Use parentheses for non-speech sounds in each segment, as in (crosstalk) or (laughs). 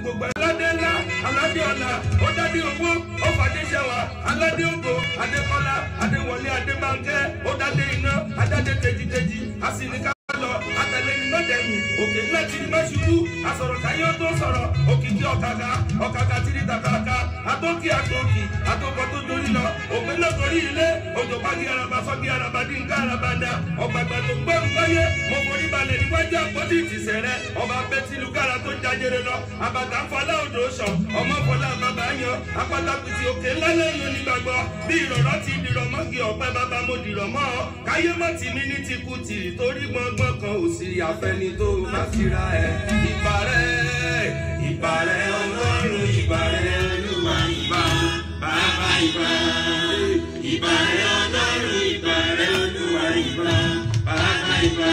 gbogbo aládé ńlá aládé ọ̀la ó dádé owó ó fàdé ṣẹwà aládé ògo adékọ́lá adéwọlé adébánkẹ́ ó dádé iná adádé tejiteji àsìníkà. mẹ́tẹ̀kù òkè lẹ́tì mẹ́ṣubú asọ̀rọ̀káyé tó sọ̀rọ̀ òkìkí ọ̀kàkà ọ̀kàkà tìrì tàkàkà àtọ́kì àtọ́kì àtọ́kọ̀ tó dorí lọ òpin lọ́tọ̀rí ilé òjò pàgì araba fọ́gì araba dínkà araba dá ọ̀gbàgbà tó gbẹ́rù gbẹ́yé mo balẹ̀ àpótí ọba tó jajere lọ òdò ọmọ fọlá bàbá òkè fẹ́ni tó bá síra ẹ̀. ìbàrẹ̀ ìbàrẹ̀ ọlọ́run ìbàrẹ̀ olúwa ìbà bàbá ìbà. ìbàrẹ̀ ọlọ́run ìbàrẹ̀ olúwa ìbà bàbá ìbà.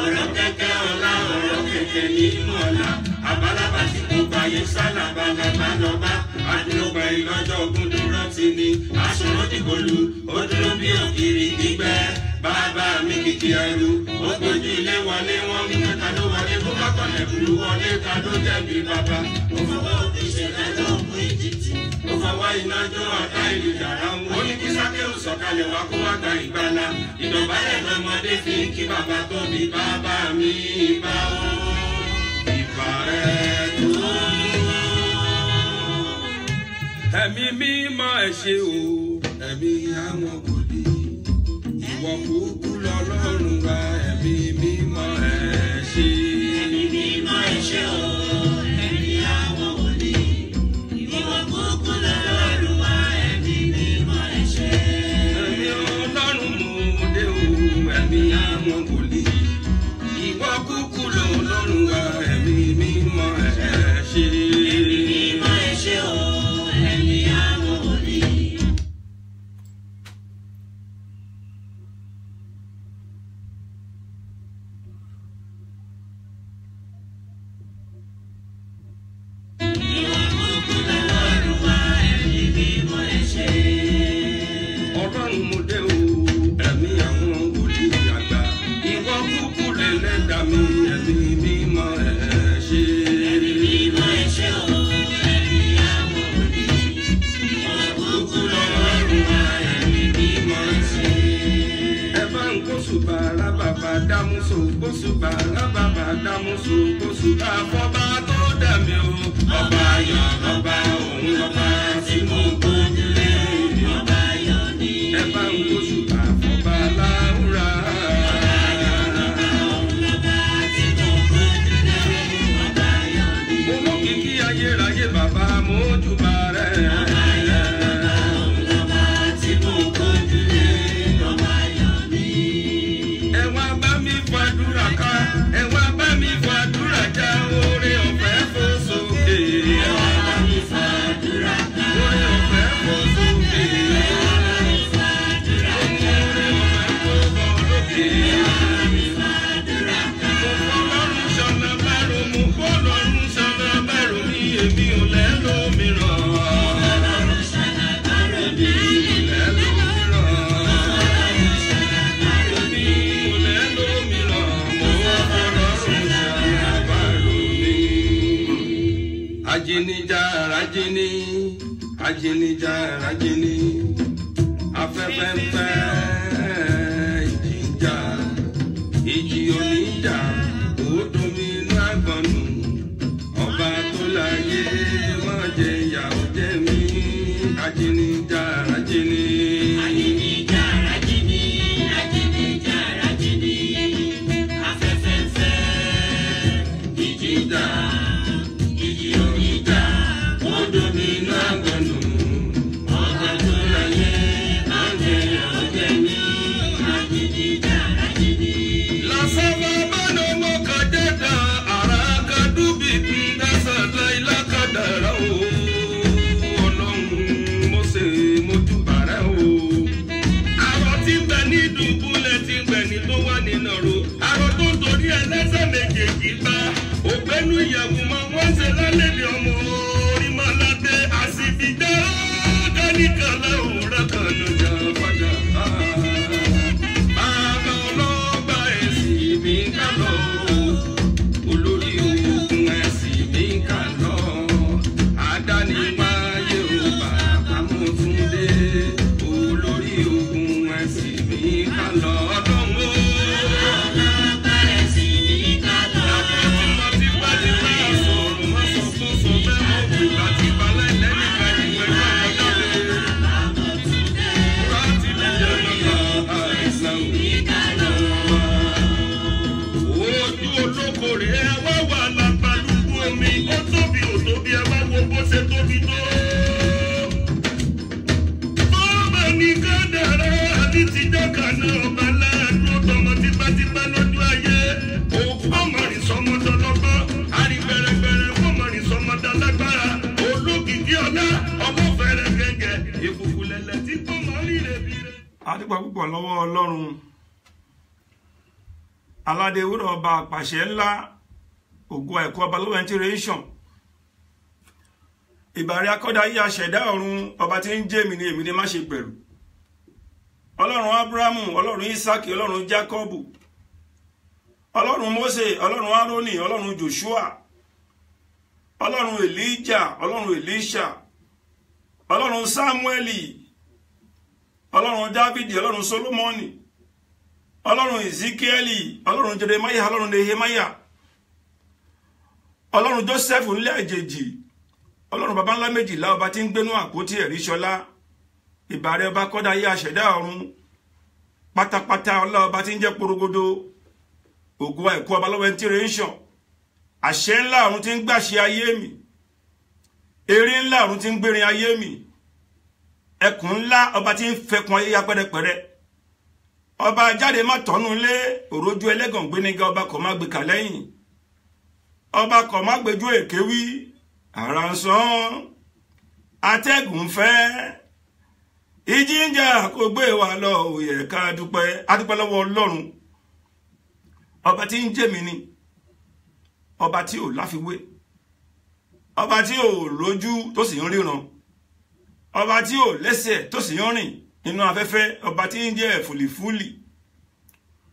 ọ̀rọ̀ kẹ̀kẹ́ ọ̀la ọ̀rọ̀ kẹ̀kẹ́ ní mọ̀ọ́lá àbálábá ti kó gbayé sálàbà làbá lọ́ba àdúrógbà ìlọ́jọ́ ogun dúró ti ní aṣọ òdìgbòlù ó dúró bí ògiri gbígbẹ́ bàbá mi kìkì ẹrú ó gbójú ilé wọlé wọn mú kẹta ló wọlé bó bá kọlẹ̀ kúrú wọlé ta ló jẹ̀bi bàbá. mo fọwọ́ òfin ṣẹlẹ̀ ló ń mú ìjìtì. mo fọwọ́ iná jó ọ̀tá ìlú yàrá ń wọ́n ní kí sákéwù sọ̀kalẹ̀ wá kó wá gba ìgbàlá. ìdọ̀bálẹ̀ lọmọdé fi ń kí bàbá tóbi bàbá mi bá ó ìbà rẹ̀ tó. ẹ̀mí mímọ́ ẹ̀ ṣe o ẹ̀mí àwọn kò àwọ̀ kúkú lọ́lọ́run wa ẹ̀mí mímọ́ ẹ̀ ṣe. ẹ̀mí mímọ́ ẹ̀ ṣe o. Kòsùbà lábàbà dámú so Kòsùbà fọba tó dẹ̀mí o ọba yọ̀ọ́. ọba àpàṣẹ ńlá ògo àìkú ọba lọ́wọ́ ẹni tí rẹ̀ ń ṣàn ìbàrí ọba tí ń jẹ́ mi ni èmi ni má ṣe bẹ̀rù ọlọ́run abrahamu ọlọ́run isaki ọlọ́run jacob ọlọ́run mose ọlọ́run aroni ọlọ́run joshua ọlọ́run elija ọlọ́run elisha ọlọ́run samueli ọlọ́run davidi ọlọ́run solomoni ọlọ́run ezekieli ọlọ́run jeremiah ọlọ́run nehemiah ọlọ́run joseph ńlẹ̀ àjèjì ọlọ́run baba ńlá méjìlá ọba tí ń gbénú àpótí ẹ̀rí ṣọlá ìbàrẹ̀ ọba kọ́dá ayé àṣẹ̀dá ọ̀run pátápátá ọlá ọba tí ń jẹ́ porogodo ògùn àìkú ọba lọ́wọ́ ẹni tí rẹ̀ ń ṣàn àṣẹ ńlá ọ̀run tí ń gbàṣẹ ayé mi eré ńlá ọ̀run tí ń gbérin ayé mi ẹkùn ńlá ọba tí ń fẹkùn ọba jáde má tọ́nu lé òrójú ẹlẹ́gàn gbéniga ọba kò má gbé kà lẹ́yìn ọba kò má gbẹjú èké wí àrà sàn atẹ́gùn fẹ́ ìjì ń jà kó gbé wa lọ òye ká dúpẹ́ adúpẹ́ lọ́wọ́ ọlọ́run ọba tí ń jẹ́mi ni ọba tí ò láfiwé ọba tí ò lójú tó sì ń ríran ọba tí ò lẹ́sẹ̀ tó sì ń rìn nínú afẹ́fẹ́ ọba tí ń jẹ́ fùlìfùlì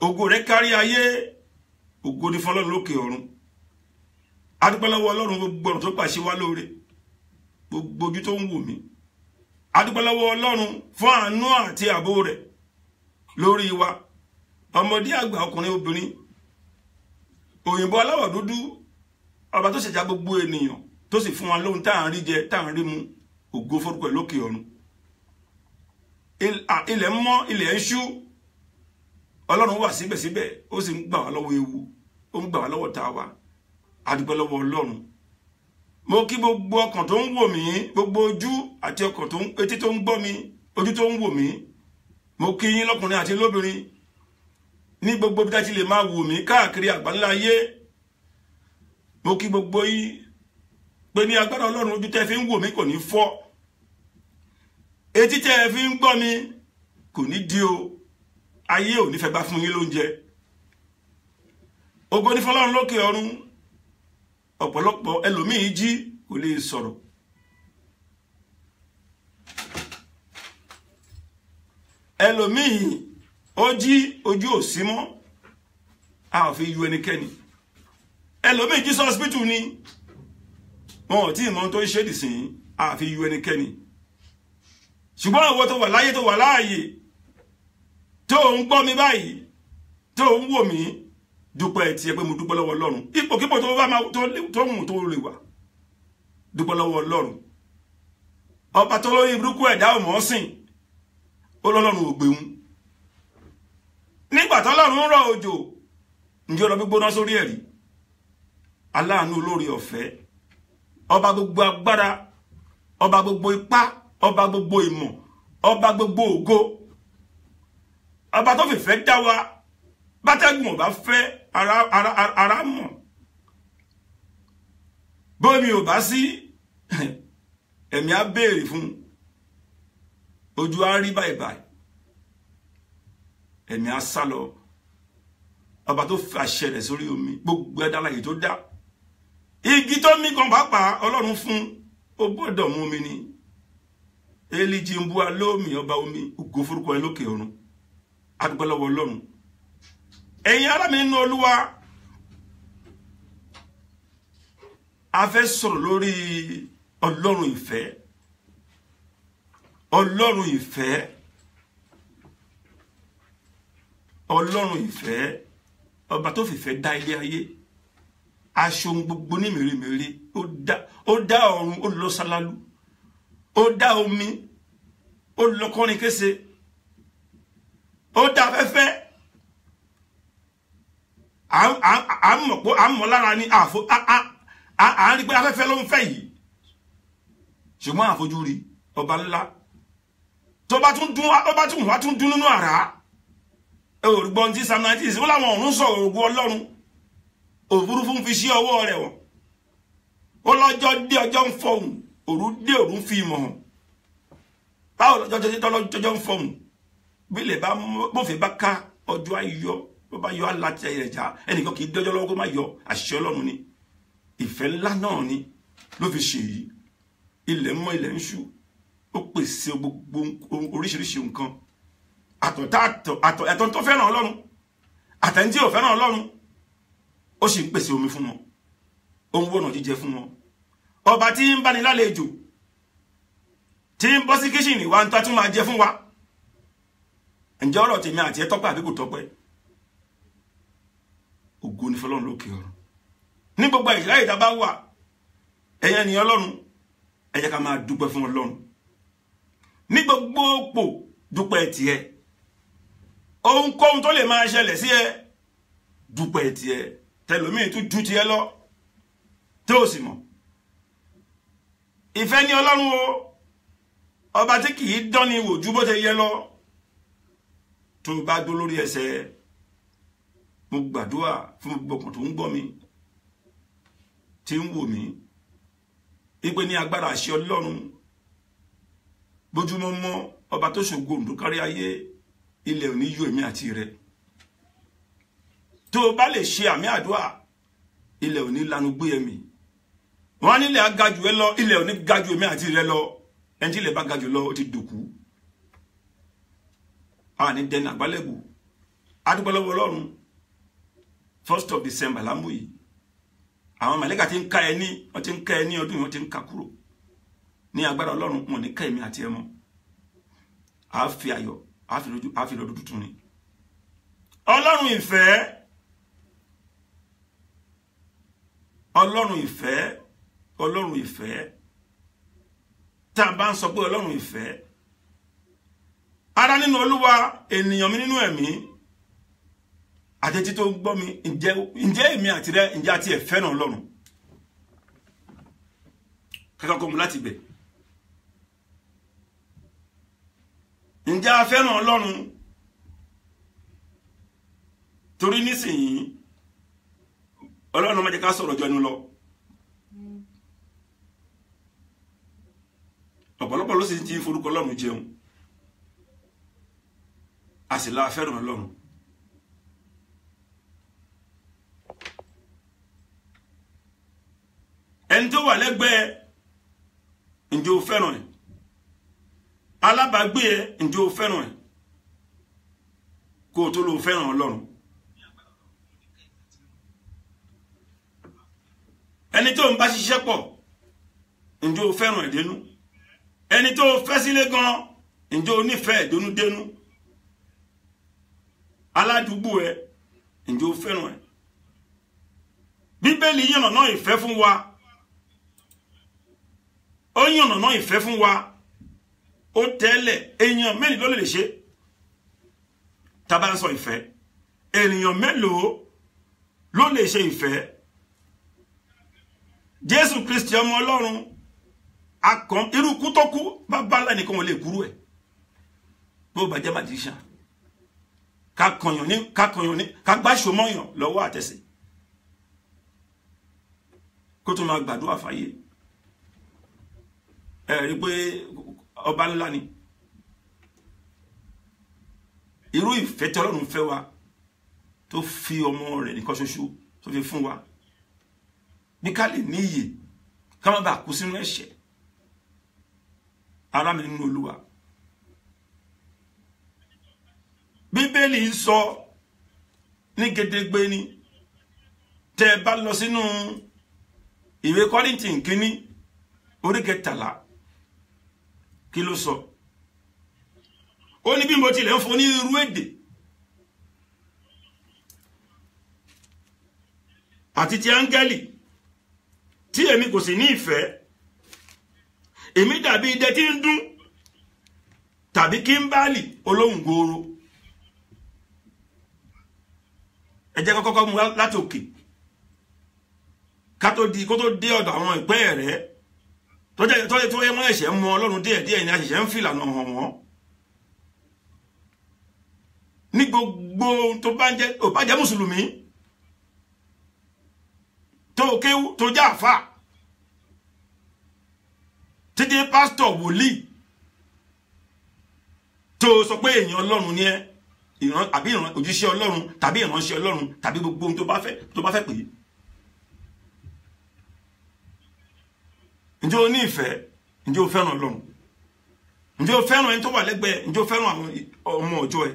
ògo rẹ̀ kárí ayé ògo ni fún ọlọ́run lókè ọ̀run adúpẹ́ lọ́wọ́ ọlọ́run gbogbo ọ̀run tó pàṣẹ wá lóore gbogbo ojú tó ń wò mí adúpẹ́ lọ́wọ́ ọlọ́run fún àánú àti ààbò rẹ̀ lórí wa ọmọdé àgbà ọkùnrin obìnrin òyìnbó aláwọ̀ dúdú ọba tó ṣẹ̀dá gbogbo ènìyàn tó sì fún wa lóhun tá à ń rí jẹ tá à ń rí mu ògo forúkọ lókè ọ̀run Ah, ilẹ̀ ń mọ́ ilẹ̀ ń ṣú ọlọ́run wà síbẹ̀síbẹ̀ ó sì ń gbà wá lọ́wọ́ ewu ó ń gbà wá lọ́wọ́ tá a wà a dúpẹ́ lọ́wọ́ ọlọ́run mo kí gbogbo ọkàn tó ń wò mí gbogbo ojú àti ọkàn tó ń etí tó ń gbọ́ mi ojú tó ń wò mí mo kí yín lọ́kùnrin àti lóbìnrin ní gbogbo bí dájú lè máa wò mí káàkiri àgbáńlá ayé mo kí gbogbo yín pé ní agbára ọlọ́run ojú tẹ́ fi ń wò mí kò ní fọ́ etí tẹ́ ẹ fi ń gbọ́ mi kò ní di o ayé ò ní fẹ́ gbà fún yín lóúnjẹ ògo ni fọlọ́run lókè ọ̀run ọ̀pọ̀lọpọ̀ ẹlòmíì jí kò lè sọ̀rọ̀ ẹlòmíì ó jí ojú ò sí mọ́ a ò fi yù ẹnikẹ́ni ẹlòmíì jí sọ́ọ́sìpítù ni wọn ò tí ì mọ ohun tó ń ṣe dìsìn a ò fi yù ẹnikẹ́ni ṣùgbọ́n àwọn tó wà láyé tó wà láàyè tó ń gbọ́ mi báyìí tó ń wò mí dúpẹ́ tiẹ̀ pé mo dúpẹ́ lọ́wọ́ ọlọ́run ipòkípò tó bá máa tó mú tó lè wà dúpẹ́ lọ́wọ́ ọlọ́run ọba tó lórí burúkú ẹ̀dá ọmọọ́sìn ọlọ́run ò gbéhùn nígbà tọ́lọ́run ń rọ òjò ǹjẹ́ ọlọ́ gbígbóná sórí ẹ̀rí aláàánú olórí ọ̀fẹ́ ọba gbogbo agbára ọba gbogbo ipá ọba gbogbo ìmọ̀ ọba gbogbo ògo ọba tó fìfẹ́ dá wa bátẹ́gùn ọba fẹ́ ara ara ara mọ̀ bómi ò bá sí (laughs) ẹ̀mí á béèrè fún ojú á rí báyìí báyìí ẹ̀mí á sá lọ ọba tó fi àṣẹ rẹ̀ sórí omi gbogbo ẹ̀dá láyé tó dá igi tó mí kan pàápàá ọlọ́run fún ó gbọ́dọ̀ mú mi ni eli ń bú alómi ọba omi ògo forúkọ ẹ lókè ọ̀run adúgbòlọ́wọ́ ọlọ́run ẹ̀yin ará mi nínú olúwa a fẹ́ sọ̀rọ̀ lórí ọlọ́run ìfẹ́ ọlọ́run ìfẹ́ ọlọ́run ìfẹ́ ọba tó fìfẹ́ dá ilé ayé aṣohun gbogbo ní mèremère ó dá ọ̀run ó lọ sálálú ó dá omi ó lọ kọrin kése ó dá afẹ́fẹ́ à ń mọ̀ pé à ń mọ̀ lára ní àfo à ń rí pé afẹ́fẹ́ ló ń fẹ́ yìí ṣùgbọ́n àfojúrí ọba ńlá tó bá tún dún tó bá tún wá tún dún nínú àrá òrùgbọ́n tí sam nineteen ó láwọn ọ̀run sọ òrùgbọ́ ọlọ́run òfurufú ń fi sí ọwọ́ rẹ̀ wọ̀n ó lọ́jọ́ dé ọjọ́ ń fọhùn òru dé òru fi ìmọ̀ hàn báwo lọ́jọ́ tọ́jọ́ ń fọhùn bílẹ̀ bá bófin bá ká ọjọ́ ayọ̀ ló bá yọ aláti rẹ̀ já ẹnìkan kì í dọ́jọ́ lọ́wọ́ kó má yọ àṣìṣe ọlọ́run ni ìfẹ́ ńlá náà ni ló fi ṣe yìí ilẹ̀ mọ́ ilẹ̀ ń ṣú ó pèsè gbogbo oríṣiríṣi nǹkan àtọ̀ tó fẹ́ràn ọlọ́run àtẹ̀ntí ò fẹ́ràn ọlọ́run ó sì ń pèsè omi fún wọn ó ń wọ̀nà jíjẹ fún wọn ọba tí ń bá ní lálejò tí ń bọ́ sí kíṣìnì wa ń ta tún máa jẹ fún wa ǹjẹ́ ọ̀rọ̀ tèmi àti ẹ tọ́pẹ́ àbí kò tọ́pẹ́ ògo ni fọlọ́run lókè ọ̀run ní gbogbo ìṣẹ̀lẹ̀ àyíká bá wà ẹ̀yẹn ni ọlọ́run ẹ jẹ́ ká máa dúpẹ́ fún ọlọ́run ní gbogbo òpò dúpẹ́ tiẹ̀ ohunkóhun tó lè máa ṣẹlẹ̀ sí ẹ dúpẹ́ tiẹ̀ tẹlómi tún ju tiẹ̀ lọ tó o sì mọ̀ ìfẹ́ ní ọlọ́run o ọba tí kì í dánni wò ju bó ṣe yẹ lọ tó bá dó lórí ẹsẹ̀ mo gbàdúrà fún gbogbo ọkàn tó ń gbọ́ mi tí ń wò mí wípé ní agbára àṣẹ ọlọ́run bójúmọ́ mọ́ ọba tó ṣògo òǹdó kárí ayé ilẹ̀ òní yóò èmi àti rẹ̀ tó bá lè ṣe àmì àdúrà ilẹ̀ òní lanu gbé ẹ̀mí wọ́n á nílẹ̀ á ga jù ẹ lọ ilẹ̀ ò ní ga jù èmi àti rẹ lọ ẹni tí ilẹ̀ bá ga lọ ó ti dòkú a ní dẹni àgbálẹ̀bù adúgbòlọ́wọ́ ọlọ́run first of december lámú yìí àwọn màlẹ́kà ti ń ka ẹni wọ́n ti ń ka ẹni ọdún yìí wọ́n ti ń ka kúrò ní agbára ọlọ́run wọn ò ní ká èmi àti ẹ a fi ayọ̀ a fi lójú a fi lọ́dún tuntun ni ọlọ́run ìfẹ́ ọlọ́run ìfẹ́ ọlọ́run ìfẹ́ tá a bá ń sọ pé ọlọ́run ìfẹ́ ara nínú olúwa ènìyàn mi nínú ẹ̀mí àtẹ́tí tó ń gbọ́ mi ǹjẹ́ èmi àti rẹ ǹjẹ́ àti ẹ̀ fẹ́ràn ọlọ́run kẹ́kọ̀ọ́ kọ́ mu láti bẹ̀ ǹjẹ́ a fẹ́ràn ọlọ́run torí nísìnyí ọlọ́run má ká sọ̀rọ̀ jọnu lọ. ọ̀pọ̀lọpọ̀ ló sì ti ń forúkọ ọlọ́run jẹun a sì la fẹ́ràn ọlọ́run ẹni tó wà lẹ́gbẹ̀ẹ́ ǹjẹ́ o fẹ́ràn ẹ̀ alábàágbé ẹ̀ ǹjẹ́ o fẹ́ràn ẹ̀ kó o tó lọ fẹ́ràn ọlọ́run ẹni tó ń bá ṣiṣẹ́ pọ̀ ǹjẹ́ o fẹ́ràn ẹ̀ dénú ẹni tó fẹ́ sílé gan ǹjẹ́ o nífẹ̀ẹ́ dénúdénú aládùúgbò ẹ ǹjẹ́ o fẹ́ràn ẹ bíbélì yànnàná ìfẹ́ fún wa ó yànnàná ìfẹ́ fún wa ó tẹ́lẹ̀ èèyàn mélòó ló lè ṣe tá bá ń sọ ìfẹ́ ènìyàn mélòó ló lè ṣe ìfẹ́ Jésù Kristi ọmọ Ọlọ́run akàn irú kú tó kú bàbá ńlá nìkan wọn lè kúrú ẹ̀ bó bàjẹ́ magician kakọyàn ní kakọyàn ní kagbáṣomọyàn lọ́wọ́ àtẹsẹ̀ kó tó máa gbàdúrà fàyè ẹ rí pé ọba ńlá ni irú ìfẹ́ tí wa tó fi ọmọ rẹ̀ nìkan ṣoṣo tó fi fún wa bí ká lè níyì ká má bàa kú sínú ẹ̀ṣẹ̀ ará mi nínú olúwa bíbélì ń sọ ní gedegbe ni tẹ ẹ bá lọ sínú ìwé kọ́rìntì kínní orí kẹtàlá kí ló sọ ó ní bí mo tilẹ̀ ń fún ní irú èdè àti ti áńgẹ́lì tí èmi kò sì ní ìfẹ́ èmi dàbí idẹ tí ń dún tàbí kí ń báàlì olóhùn gooro ẹ jẹ́ kọ́kọ́ mu láti òkè ká tó di kó tó dé ọ̀dọ̀ àwọn ìpẹ́ rẹ̀ tọ́jà tọ́jà tó yẹ mọ́ ẹ̀ṣẹ̀ mọ́ ọlọ́run díẹ̀díẹ̀ ni a ṣẹ̀ṣẹ̀ ń fìlànà hàn wọ́n ní gbogbo tó bá jẹ́ mùsùlùmí tó kéwú tó jẹ́ àfáà tí jẹ́ pásítọ̀ wòlíì tó sọ pé èèyàn ọlọ́run ni ẹ́ ìran àbí ìran òjíṣẹ́ ọlọ́run tàbí ìránṣẹ́ ọlọ́run tàbí gbogbo ohun tó bá fẹ́ tó bá fẹ́ pè é ǹjẹ́ o ní ìfẹ́ ǹjẹ́ o fẹ́ràn ọlọ́run ǹjẹ́ o fẹ́ràn ẹni tó wà lẹ́gbẹ̀ẹ́ ǹjẹ́ o fẹ́ràn àwọn ọmọ ọjọ́ ẹ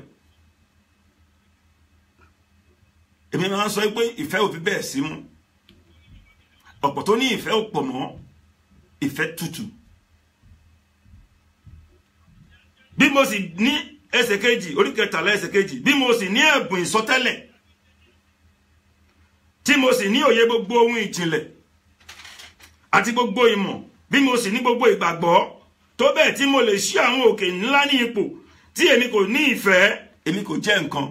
èmi máa ń sọ pé ìfẹ́ ò fi bẹ́ẹ̀ sí mú ọ̀pọ̀ tó ní ìfẹ́ ò pọ̀ mọ́ ìfẹ́ tútù bí mo sì ní ẹsẹ̀ kejì orí kẹtàlá ẹsẹ̀ kejì bí mo sì ní ẹ̀bùn ìsọtẹ́lẹ̀ tí mo sì ní òye gbogbo ohun ìjìnlẹ̀ àti gbogbo ìmọ̀ bí mo sì ní gbogbo ìgbàgbọ́ tó bẹ́ẹ̀ tí mo lè ṣí àwọn òkè ńlá ní ipò tí èmi kò ní ìfẹ́ èmi kò jẹ́ nǹkan.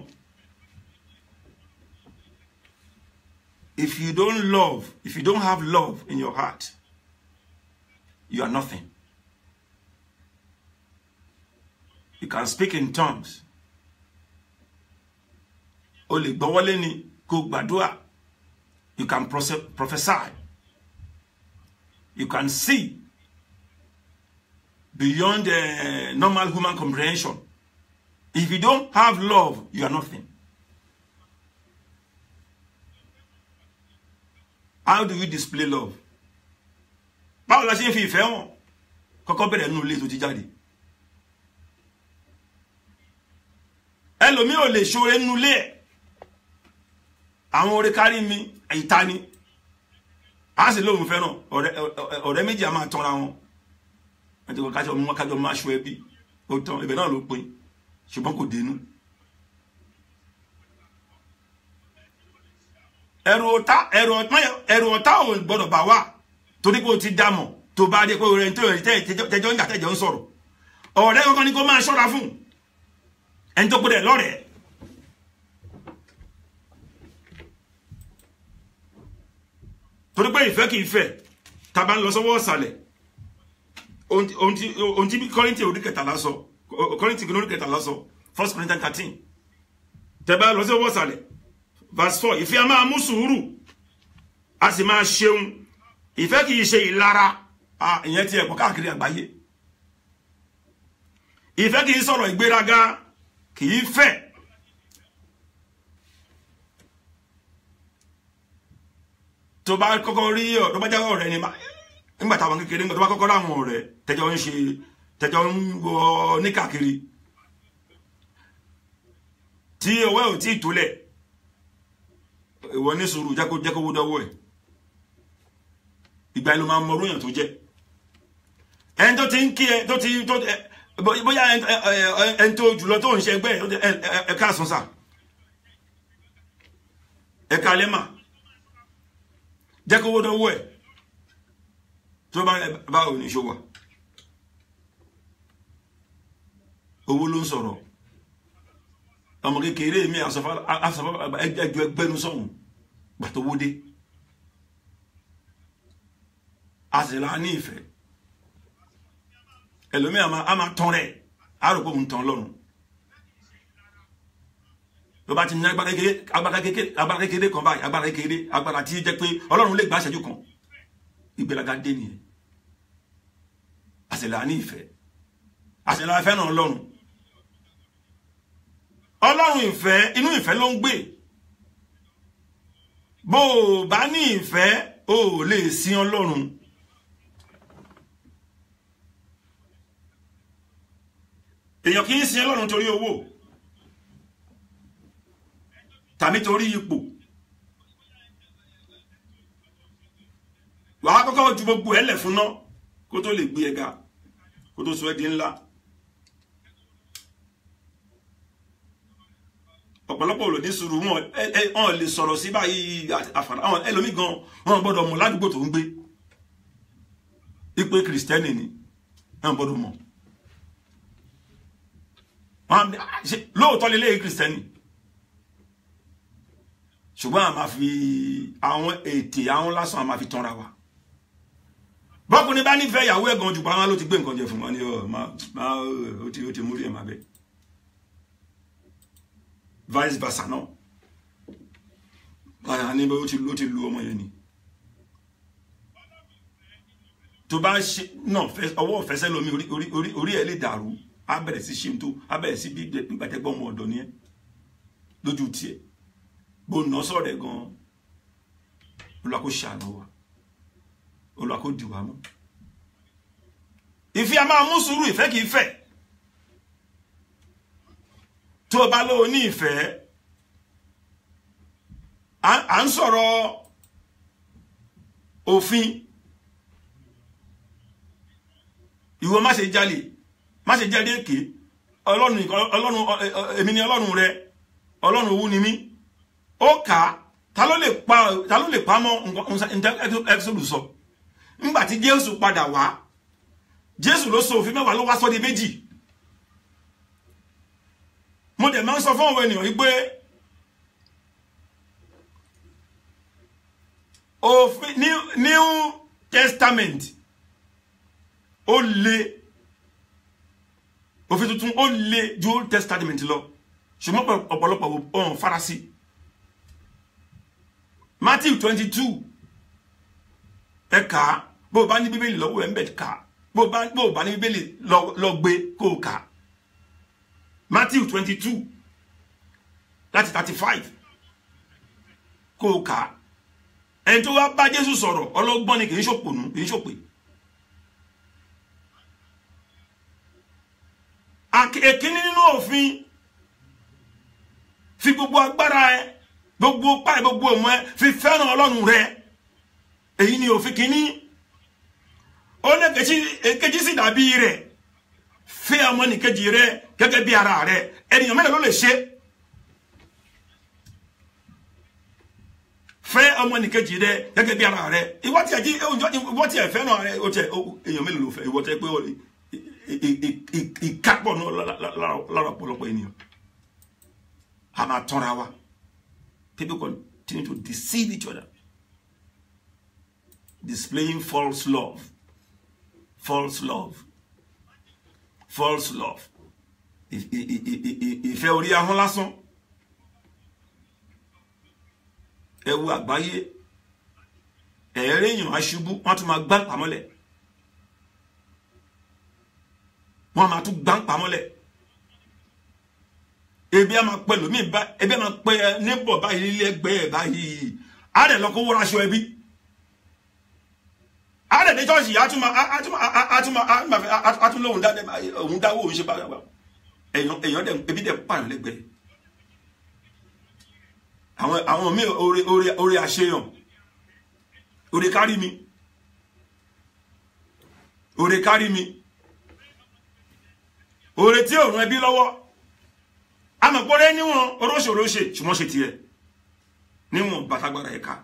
If you don't love, if you don't have love in your heart, you are nothing. you can speak in tongues o lè gbọ́wọ́lé ni kó gbàdúrà you can prophesy you can see beyond the eh, normal human comprehension if you don't have love you are nothing how do you display love báwo la ṣe ń fi ìfẹ́ hàn kọ́kọ́ bẹ̀rẹ̀ nínú ilé tó ti jáde ẹlòmíì ò lè ṣoore nínú ilé ẹ̀ àwọn oore kárí mi ìta ni a sì lóun fẹ́ràn ọ̀rẹ́ méjì a máa tanra wọn àti kájọ mú kájọ máa ṣo ẹbí ó tán ibẹ̀ náà ló pin ṣùgbọ́n kò dénú. ẹ̀rù ọ̀tá ẹ̀rù ọ̀tá ò gbọ́dọ̀ bá wà torí pé o ti dá mọ̀ tó bá dé pé o rẹ̀ ń tó rẹ̀ tẹ́jọ́ ń gbà tẹ́jọ́ ń sọ̀rọ̀ ọ̀rẹ́ kankan ni kó máa ṣọ́ra fún un ẹni tó gbọ́dọ̀ lọ́rẹ̀ẹ́ torí pé ìfẹ́ kì í fẹ́ tàbá ń lọ sọ́wọ́ ọ̀sàlẹ̀ ohun tí kọ́rìntì orí kẹtàlá sọ kọ́rìntì orí kẹtàlá sọ first Corinthians thirteen tẹ̀bá lọ sọ́wọ́ ọ̀sàlẹ̀ verse four ìfẹ́ a máa mú sùúrù a sì máa ṣeun ah, kì í ṣe ìlara ìyẹn ti ẹ̀kọ́ káàkiri àgbáyé ìfẹ́ kì í sọ̀rọ̀ igberaga kì í fẹ̀ tó bá kọ́kọ́ rí ọ̀ tó bá jáwọ́ ọ̀rẹ́ ni nígbà táwọn kékeré nígbà tó bá kọ́kọ́ ráwọn ọ̀rẹ́ tẹjọ ń ṣe tẹjọ ń wọ níkàkiri tí ọwọ́ ẹ̀ ò tí ì tólẹ̀ ìwọ ní sùúrù jẹ́kọ́wó dọ́wọ́ ẹ̀ ìgbà ìlú máa mọ orú tó jẹ́ ẹni tó ti ń kí ẹ tó ti tó ẹ bóyá ẹni tó jùlọ tó ń ṣe ẹgbẹ́ ẹ káàsán sà ẹ kálẹ́ mà jẹ́ kó wọ́dọ̀ wọ́ ẹ̀ tó bá báwo ní ṣó wà owó ló ń sọ̀rọ̀ ọmọ kékeré mi àsọfà ẹjọ ẹgbẹ́nu sọ̀hún gbàtọ́wọ́dé a sì lá ní ìfẹ́ ẹlòmíì a máa tán rẹ̀ a rò pé òun tán lọ́rùn ló bá ti ní agbára kékeré agbára kékeré agbára kékeré kan báyìí agbára kékeré agbára tí jẹ́ pé ọlọ́run lè gbà ṣẹ́jú kan ìgbéraga dé nìyẹn àṣẹlẹ̀ àní ìfẹ́ àṣẹlẹ̀ àfẹ́ràn ọlọ́run ọlọ́run ìfẹ́ inú ìfẹ́ ló ń gbé bó o bá ní ìfẹ́ o ò lè sin ọlọ́run èèyàn kì í sin Ọlọ́run torí owó tàbí torí ipò wàá kọ́kọ́ ju gbogbo ẹ̀ lẹ̀ fún ná kó tó lè gbé ẹ ga kó tó sọ ẹ́ di ńlá ọ̀pọ̀lọpọ̀ olùdí sùúrù wọn ọ̀ lè sọ̀rọ̀ sí báyìí àfàrà àwọn ẹlòmíì gan wọn gbọ́dọ̀ mọ̀ ládùúgbò tó ń gbé ipe kìrìsìtẹ́nì ni wọn gbọ́dọ̀ mọ̀ lóòótọ́ lé léyìí kìrìsìtẹ́nì ṣùgbọ́n a máa fi àwọn ètè àwọn lásán a máa fi tanra wa bọ́kùnrin bá nífẹ̀ẹ́ ìyàwó ẹ̀gàn jù pàmò ló ti gbé nǹkan jẹ fún wa ní ọ ó ti ó ti múrí ẹ̀ máa bẹ̀ vice versa náà àyà ní bẹ́ẹ̀ ó ti lu ọmọ yẹn ni tó bá ṣe náà ọwọ́ ọ̀fẹ́sẹ́ lomi orí ẹ̀ lè dàrú á bẹ̀rẹ̀ sí ṣe tó á bẹ̀rẹ̀ sí gbígbà tẹ́gbọ́n ọmọ ọ̀dọ́ ni ẹ lójú tiẹ̀ gbòòna sọ̀rọ̀ ẹ̀ gan-an Olúwa kó ṣàánú wa Olúwa kó dì wá mú ìfẹ́ a máa mú sùúrù ìfẹ́ kì í fẹ́ tó o bá lóo ní ìfẹ́ à ń sọ̀rọ̀ òfin ìwọ má ṣe jalè má ṣe jẹ́rí èké ọlọ́run ọlọ́run èmi ni ọlọ́run rẹ ọlọ́run owó ni mí ó kà á ta ló lè pa ta ló lè pa mọ́ ẹ̀sọ́lù sọ nígbà tí jésù padà wá jésù ló sọ òfin mẹ́wàá ló wá sọ di méjì mo dẹ̀ máa ń sọ fún àwọn ènìyàn wípé new testament ó le òfin tuntun ó le ju old testament lọ ṣùgbọ́n ọ̀pọ̀lọpọ̀ ọ̀hún farasí matthew twenty two ẹ kà á bó o bá ní bíbélì lọ́wọ́ ẹ̀ ń bẹ̀ kà á bó o bá ní bíbélì lọ gbé kó o kà á matthew twenty two láti thirty five kó o kà á ẹni tó wá bá jésù sọ̀rọ̀ ọlọ́gbọ́n ni kì í ṣòpònú kì í ṣòpè. èkíní nínú òfin fi gbogbo agbára ẹ gbogbo pa ẹ gbogbo ìmọ̀ ẹ fi fẹ́ràn ọlọ́run rẹ èyí ni òfin kíní ó ní èkejì sì dàbí rẹ fẹ́ ọmọnìkejì rẹ gẹ́gẹ́ bí ara rẹ ènìyàn mẹ́rin ló lè ṣe. fẹ́ ọmọnìkejì rẹ gẹ́gẹ́ bí ara rẹ ìwọ tí ẹ jí ìwọ tí èèyàn mélòó ló fẹ́ ìwọ tẹ pé ìkápọ̀ náà lára ọ̀pọ̀lọpọ̀ ènìyàn a máa tọ́ra wa people continue to deceive each other displaying false love false love false love ìfẹ́ orí ahọ́n lásán ẹ wo àgbáyé ẹ̀ẹ́rẹ́yìn aṣubú wọ́n tún máa gbá pamọ́lẹ̀. wọn a máa tún gbá ń pamọ́lẹ̀ ebi a máa pẹ́ lómi bá ebi a máa pẹ́ eh, níbọ̀ báyìí nílé ẹgbẹ́ ẹ̀ báyìí á dẹ̀ lọ́kọ́ wọ́n aṣọ ẹbí a dẹ̀ ní chọ́ọ̀ṣì àtúmọ̀ àtúmọ̀ àtúmọ̀ àtúmọ̀ òun dáwọ́ òun ṣe bá èèyàn dẹ̀ ebi dẹ̀ pààyàn lẹ́gbẹ̀ẹ́ àwọn àwọn míì orí orí orí àṣeyàn orí kárí mi orí kárí mi òrè tí òrùn ẹbí lọ́wọ́ amọ̀pọ̀rẹ́ níwọ̀n oróṣèoróṣè ṣùgbọ́n ṣe tiẹ̀ níwọ̀n bàtàgbára ẹ̀ka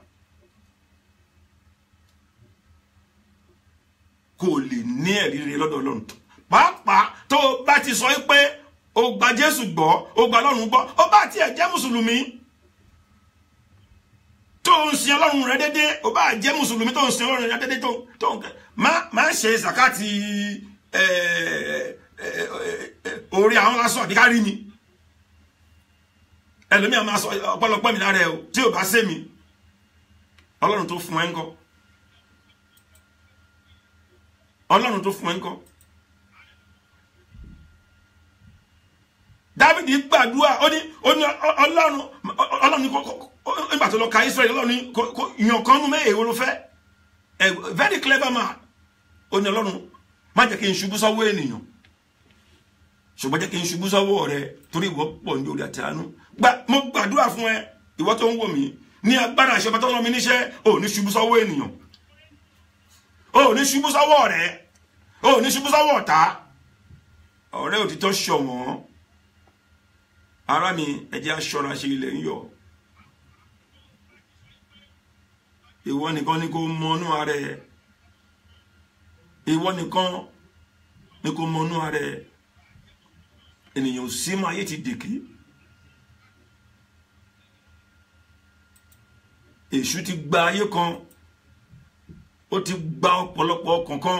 kò lè ní ẹ̀rí rere lọ́dọ̀ ọlọ́run pàápàá tó o bá ti sọ pé o gba jésù gbọ́ o gba ọlọ́run gbọ́ o bá tiẹ̀ jẹ́ mùsùlùmí tó ń sin ọlọ́run rẹ dédé o bá jẹ́ mùsùlùmí tó ń sin ọlọ́run rẹ dédé tó ń kẹ́ má ṣe zakati ẹ̀ẹ́. Eh, Eh, eh, eh, orí àwọn lásán ní ká rí mi ẹlòmíì àwọn aṣọ ọ̀pọ̀lọpọ̀ mi lára ẹ o tí ò bá sé mi Ọlọ́run tó fún ẹ ńkọ́ Ọlọ́run tó fún ẹ ńkọ́ Dávidi gbàdúrà ó ní ó ní Ọlọ́run Ọlọ́run nígbà tó lọ ka Israẹli Ọlọ́run yàn kan nú mẹ́yẹ̀ wo ló fẹ́ very clever man ó ní Ọlọ́run má jẹ́ kí n ṣubú sọ́wọ́ ènìyàn ṣùgbọ́n jẹ́ kí n ṣubú sọ́wọ́ rẹ torí ìwọ pọ̀ ní orí àti àánú gba mo gbàdúrà fún ẹ ìwọ tó ń wò mí ní agbára àṣẹ bàtà ọlọ́mi níṣẹ́ ò ní ṣubú sọ́wọ́ ènìyàn ò ní ṣubú sọ́wọ́ rẹ ò ní ṣubú sọ́wọ́ ọ̀tá ọ̀rẹ́ òtítọ́ ṣọ̀wọ́n ara mi ẹ̀jẹ̀ aṣọra ṣe ilẹ̀ ń yọ ìwọ nìkan ni kò mọnú ara ẹ ìwọ nìkan ni kò mọnú ara ẹ ènìyàn ò sí mọ́ ayé ti dèké èṣù ti gba ayé kan ó ti gba ọ̀pọ̀lọpọ̀ kọ̀ọ̀kan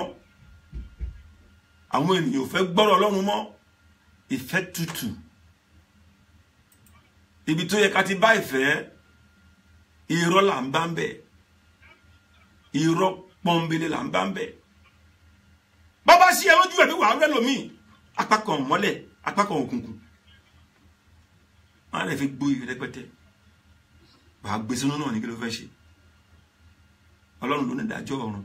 àwọn ènìyàn ò fẹ́ gbọ́rọ̀ Ọlọ́run mọ́ ìfẹ́ tutù ibi tó yẹ ká ti bá ìfẹ́ irọ́ là ń bá ń bẹ̀ irọ́ pọ́nbélé là ń bá ń bẹ̀ bàbá sí ẹ lójú ẹ̀mí wàá rẹ́ lómi apá kan mọ́lẹ̀ apá kan òkùnkùn wọn lè fi gbóyè rẹpẹtẹ wàá gbé sínú náà ní kí ló fẹ́ ṣe ọlọ́run ló ní ìdájọ́ ọ̀run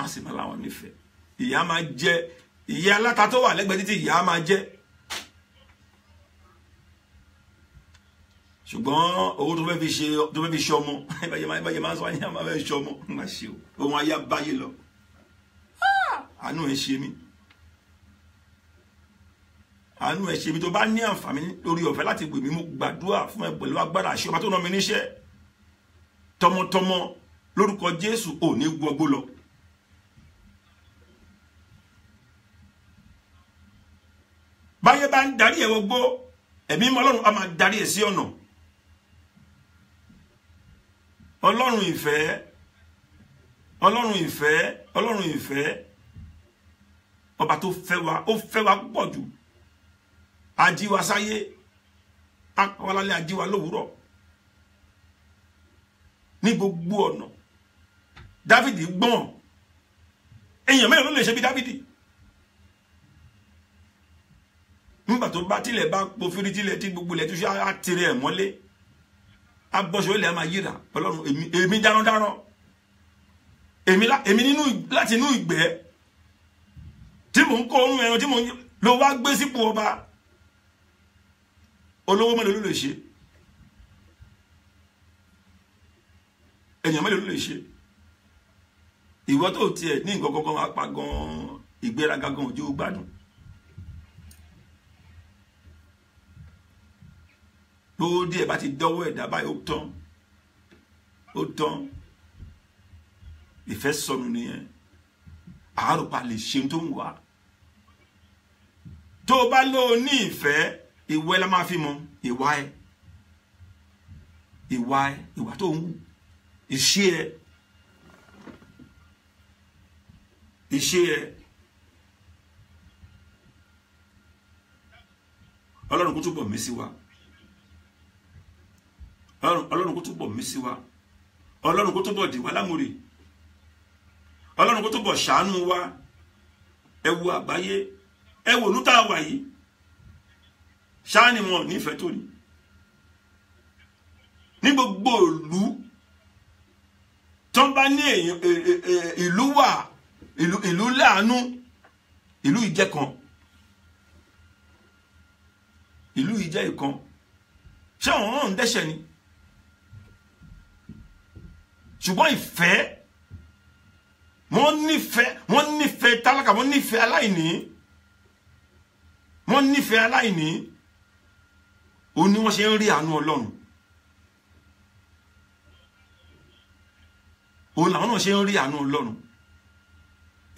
á sì máa láwọn nífẹ̀ẹ́ ìyá máa jẹ ìyá aláta tó wà lẹ́gbẹ̀ẹ́ títí ìyá máa jẹ ṣùgbọ́n owó tó fẹ́ fi ṣe ọmọ ìbàjẹ́ máa ń sọ wá ní àwọn máa fẹ́ ṣe ọmọ ohun ayé abáyé lọ àánú ẹ ṣe mí àánú ẹ ṣe mí tó bá ní àǹfààní lórí ọ̀fẹ́ láti gbè mí mo gbàdúrà fún ẹ pẹ̀lú agbára àṣẹ ọba tó ràn mí níṣẹ́ tọmọtọmọ lórúkọ Jésù ò ní gbọgbó lọ. báyé bá ń darí ẹ̀ wọgbó ẹ̀mí ọlọ́run a máa darí ẹ̀ sí ọ̀nà ọlọ́run ìfẹ́ ọlọ́run ìfẹ́ ọlọ́run ìfẹ́ ọba tó fẹ́ wa ó fẹ́ wa púpọ̀ a ajíwa sáyé apawalálẹ̀ ajíwa lówùúrọ̀ ní gbogbo ọ̀nà dávidi gbọ́n èèyàn mẹ́rin ló lè ṣe bí dávidi nígbà tó bá tilẹ̀ bá pofiri tilẹ̀ tí gbogbo ilẹ̀ tó ṣe le ẹ̀ mọ́lé abọ́ṣọ emi emi yíra ọlọ́run emi dárandáran emi ninu láti inú ìgbẹ́ tí mò ń kó orun ẹran tí mò ń lọ wá gbé sípò ọba olówó mélòó ló lè ṣe èèyàn mélòó ló lè ṣe ìwọ tó tiẹ̀ ní nǹkan kankan apá gan ìgbéraga gan ojú gbádùn lóòdì ẹ bá ti dọ́wọ́ ẹ̀dá báyìí ó tán ó tán ìfẹ́ sọnù nìyẹn àárò pa lè ṣe tó ń wà tó o bá lóo ní ìfẹ́ ìwọ ẹ la máa fi mọ ìwà ẹ ìwà ẹ ìwà tó ń wù ìṣe ẹ ìṣe ẹ ọlọ́run kó túbọ̀ mí sí wa ọlọ́run kó túbọ̀ mí sí wa ọlọ́run kó túbọ̀ dì lámúre ọlọ́run kó túbọ̀ ṣàánú wa ẹ wo àgbáyé ẹ wo òlú tá a wà yìí ṣáàni wọn nífẹ̀ẹ́ tó ní ní gbogbo ìlú tó ń bá ní ìlú wà ìlú láàánú ìlú ìjẹ kan ìlú ìjẹ ìkan ṣé àwọn ọ̀hún dẹ́ṣẹ̀ ni ṣùgbọ́n ìfẹ́ wọ́n nífẹ̀ẹ́ wọ́n nífẹ̀ẹ́ tálákà wọ́n nífẹ̀ẹ́ aláìní wọ́n nífẹ̀ẹ́ aláìní òun ni wọ́n ṣe ń rí àánú ọlọ́run òun làwọn náà ṣe ń rí àánú ọlọ́run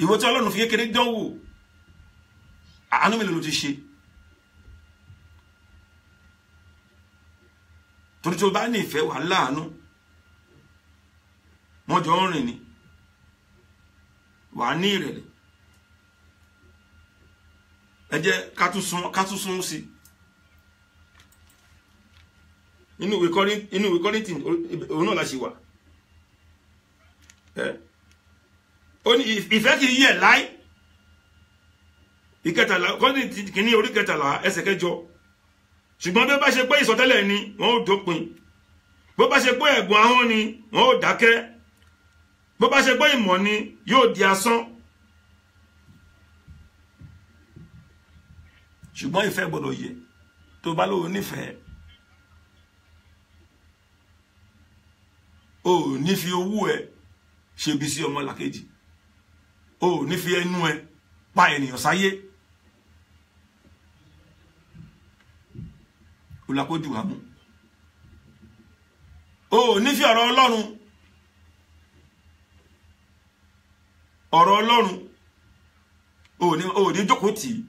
ìwọ tí ọlọ́run fi kékeré dánwò àánú mélòó ló ti ṣe torí tí o bá ní ìfẹ́ wà láàánú wọ́n jọ ń rìn ni wà á ní ìrẹ̀lẹ̀ ẹ jẹ́ ká tún sún sí inú ìwé kọ́rìntì òun náà la ṣe wà ó ní ìfẹ́ kì í yẹ̀ láì ìkẹtàlá kọ́rìntì kìíní orí kẹtàlá ẹsẹ̀ kẹjọ ṣùgbọ́n bí ó bá ṣe pé ìsọtẹ́lẹ̀ ni wọ́n ó dópin bó bá ṣe pé ẹ̀bùn ahọ́n ni wọ́n ó dákẹ́ bó bá ṣe gbọ́ ìmọ̀ ni yóò di asán ṣùgbọ́n ìfẹ́ gbọ́dọ̀ yẹ tó bá lóun nífẹ̀ẹ́ o ò ní fi owó ẹ ṣebi sí ọmọ làkejì o ò ní fi ẹnu ẹ pa ènìyàn sáyé olùkọ́jú àmú o ò ní fi ọ̀rọ̀ Ọlọ́run ọ̀rọ̀ ọlọ́run òní jókòó tì í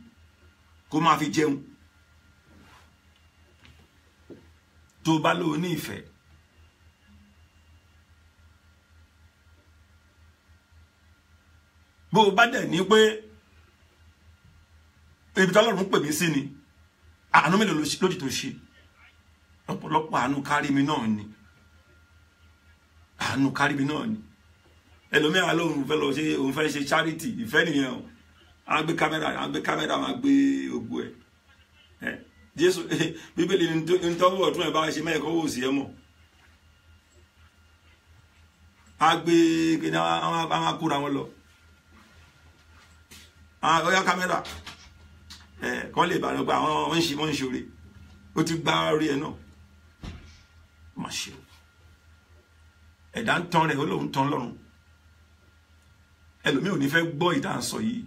kó máa fi jẹun tó bá lóun ní ìfẹ́ bó o bá dẹ̀ ní pé ibi tọ́lọ́run pè mí sí ni àánú mélòó lójì tó ṣe lọ́pọ̀lọpọ̀ àánú kárí mi náà ni àánú kárí mi náà ni ẹlòmíràn lòun fẹ́ lọ ṣe òun fẹ́ ṣe charity ìfẹ́ nìyẹn o a gbé kámẹ́rà a gbé kámẹ́rà máa gbé ògbó ẹ jésù (laughs) bíbélì ntọ́wọ́ ọ̀tún ẹ̀ bá ṣe mẹ́ẹ̀kọ́ wò sí ẹ mọ̀ a gbé kíni àwọn akóra wọn lọ ọyá kámẹ́rà ẹ kọ́ lè bàrẹ̀ gba àwọn ọ̀hún ṣe wọ́n ń ṣòre ó ti gbá rí ẹ náà má ṣe o ẹ̀dá ń tan rẹ̀ ó lóun tan lọ́rùn ẹlòmíì ò ní fẹ́ gbọ́ ìdáǹsọ yìí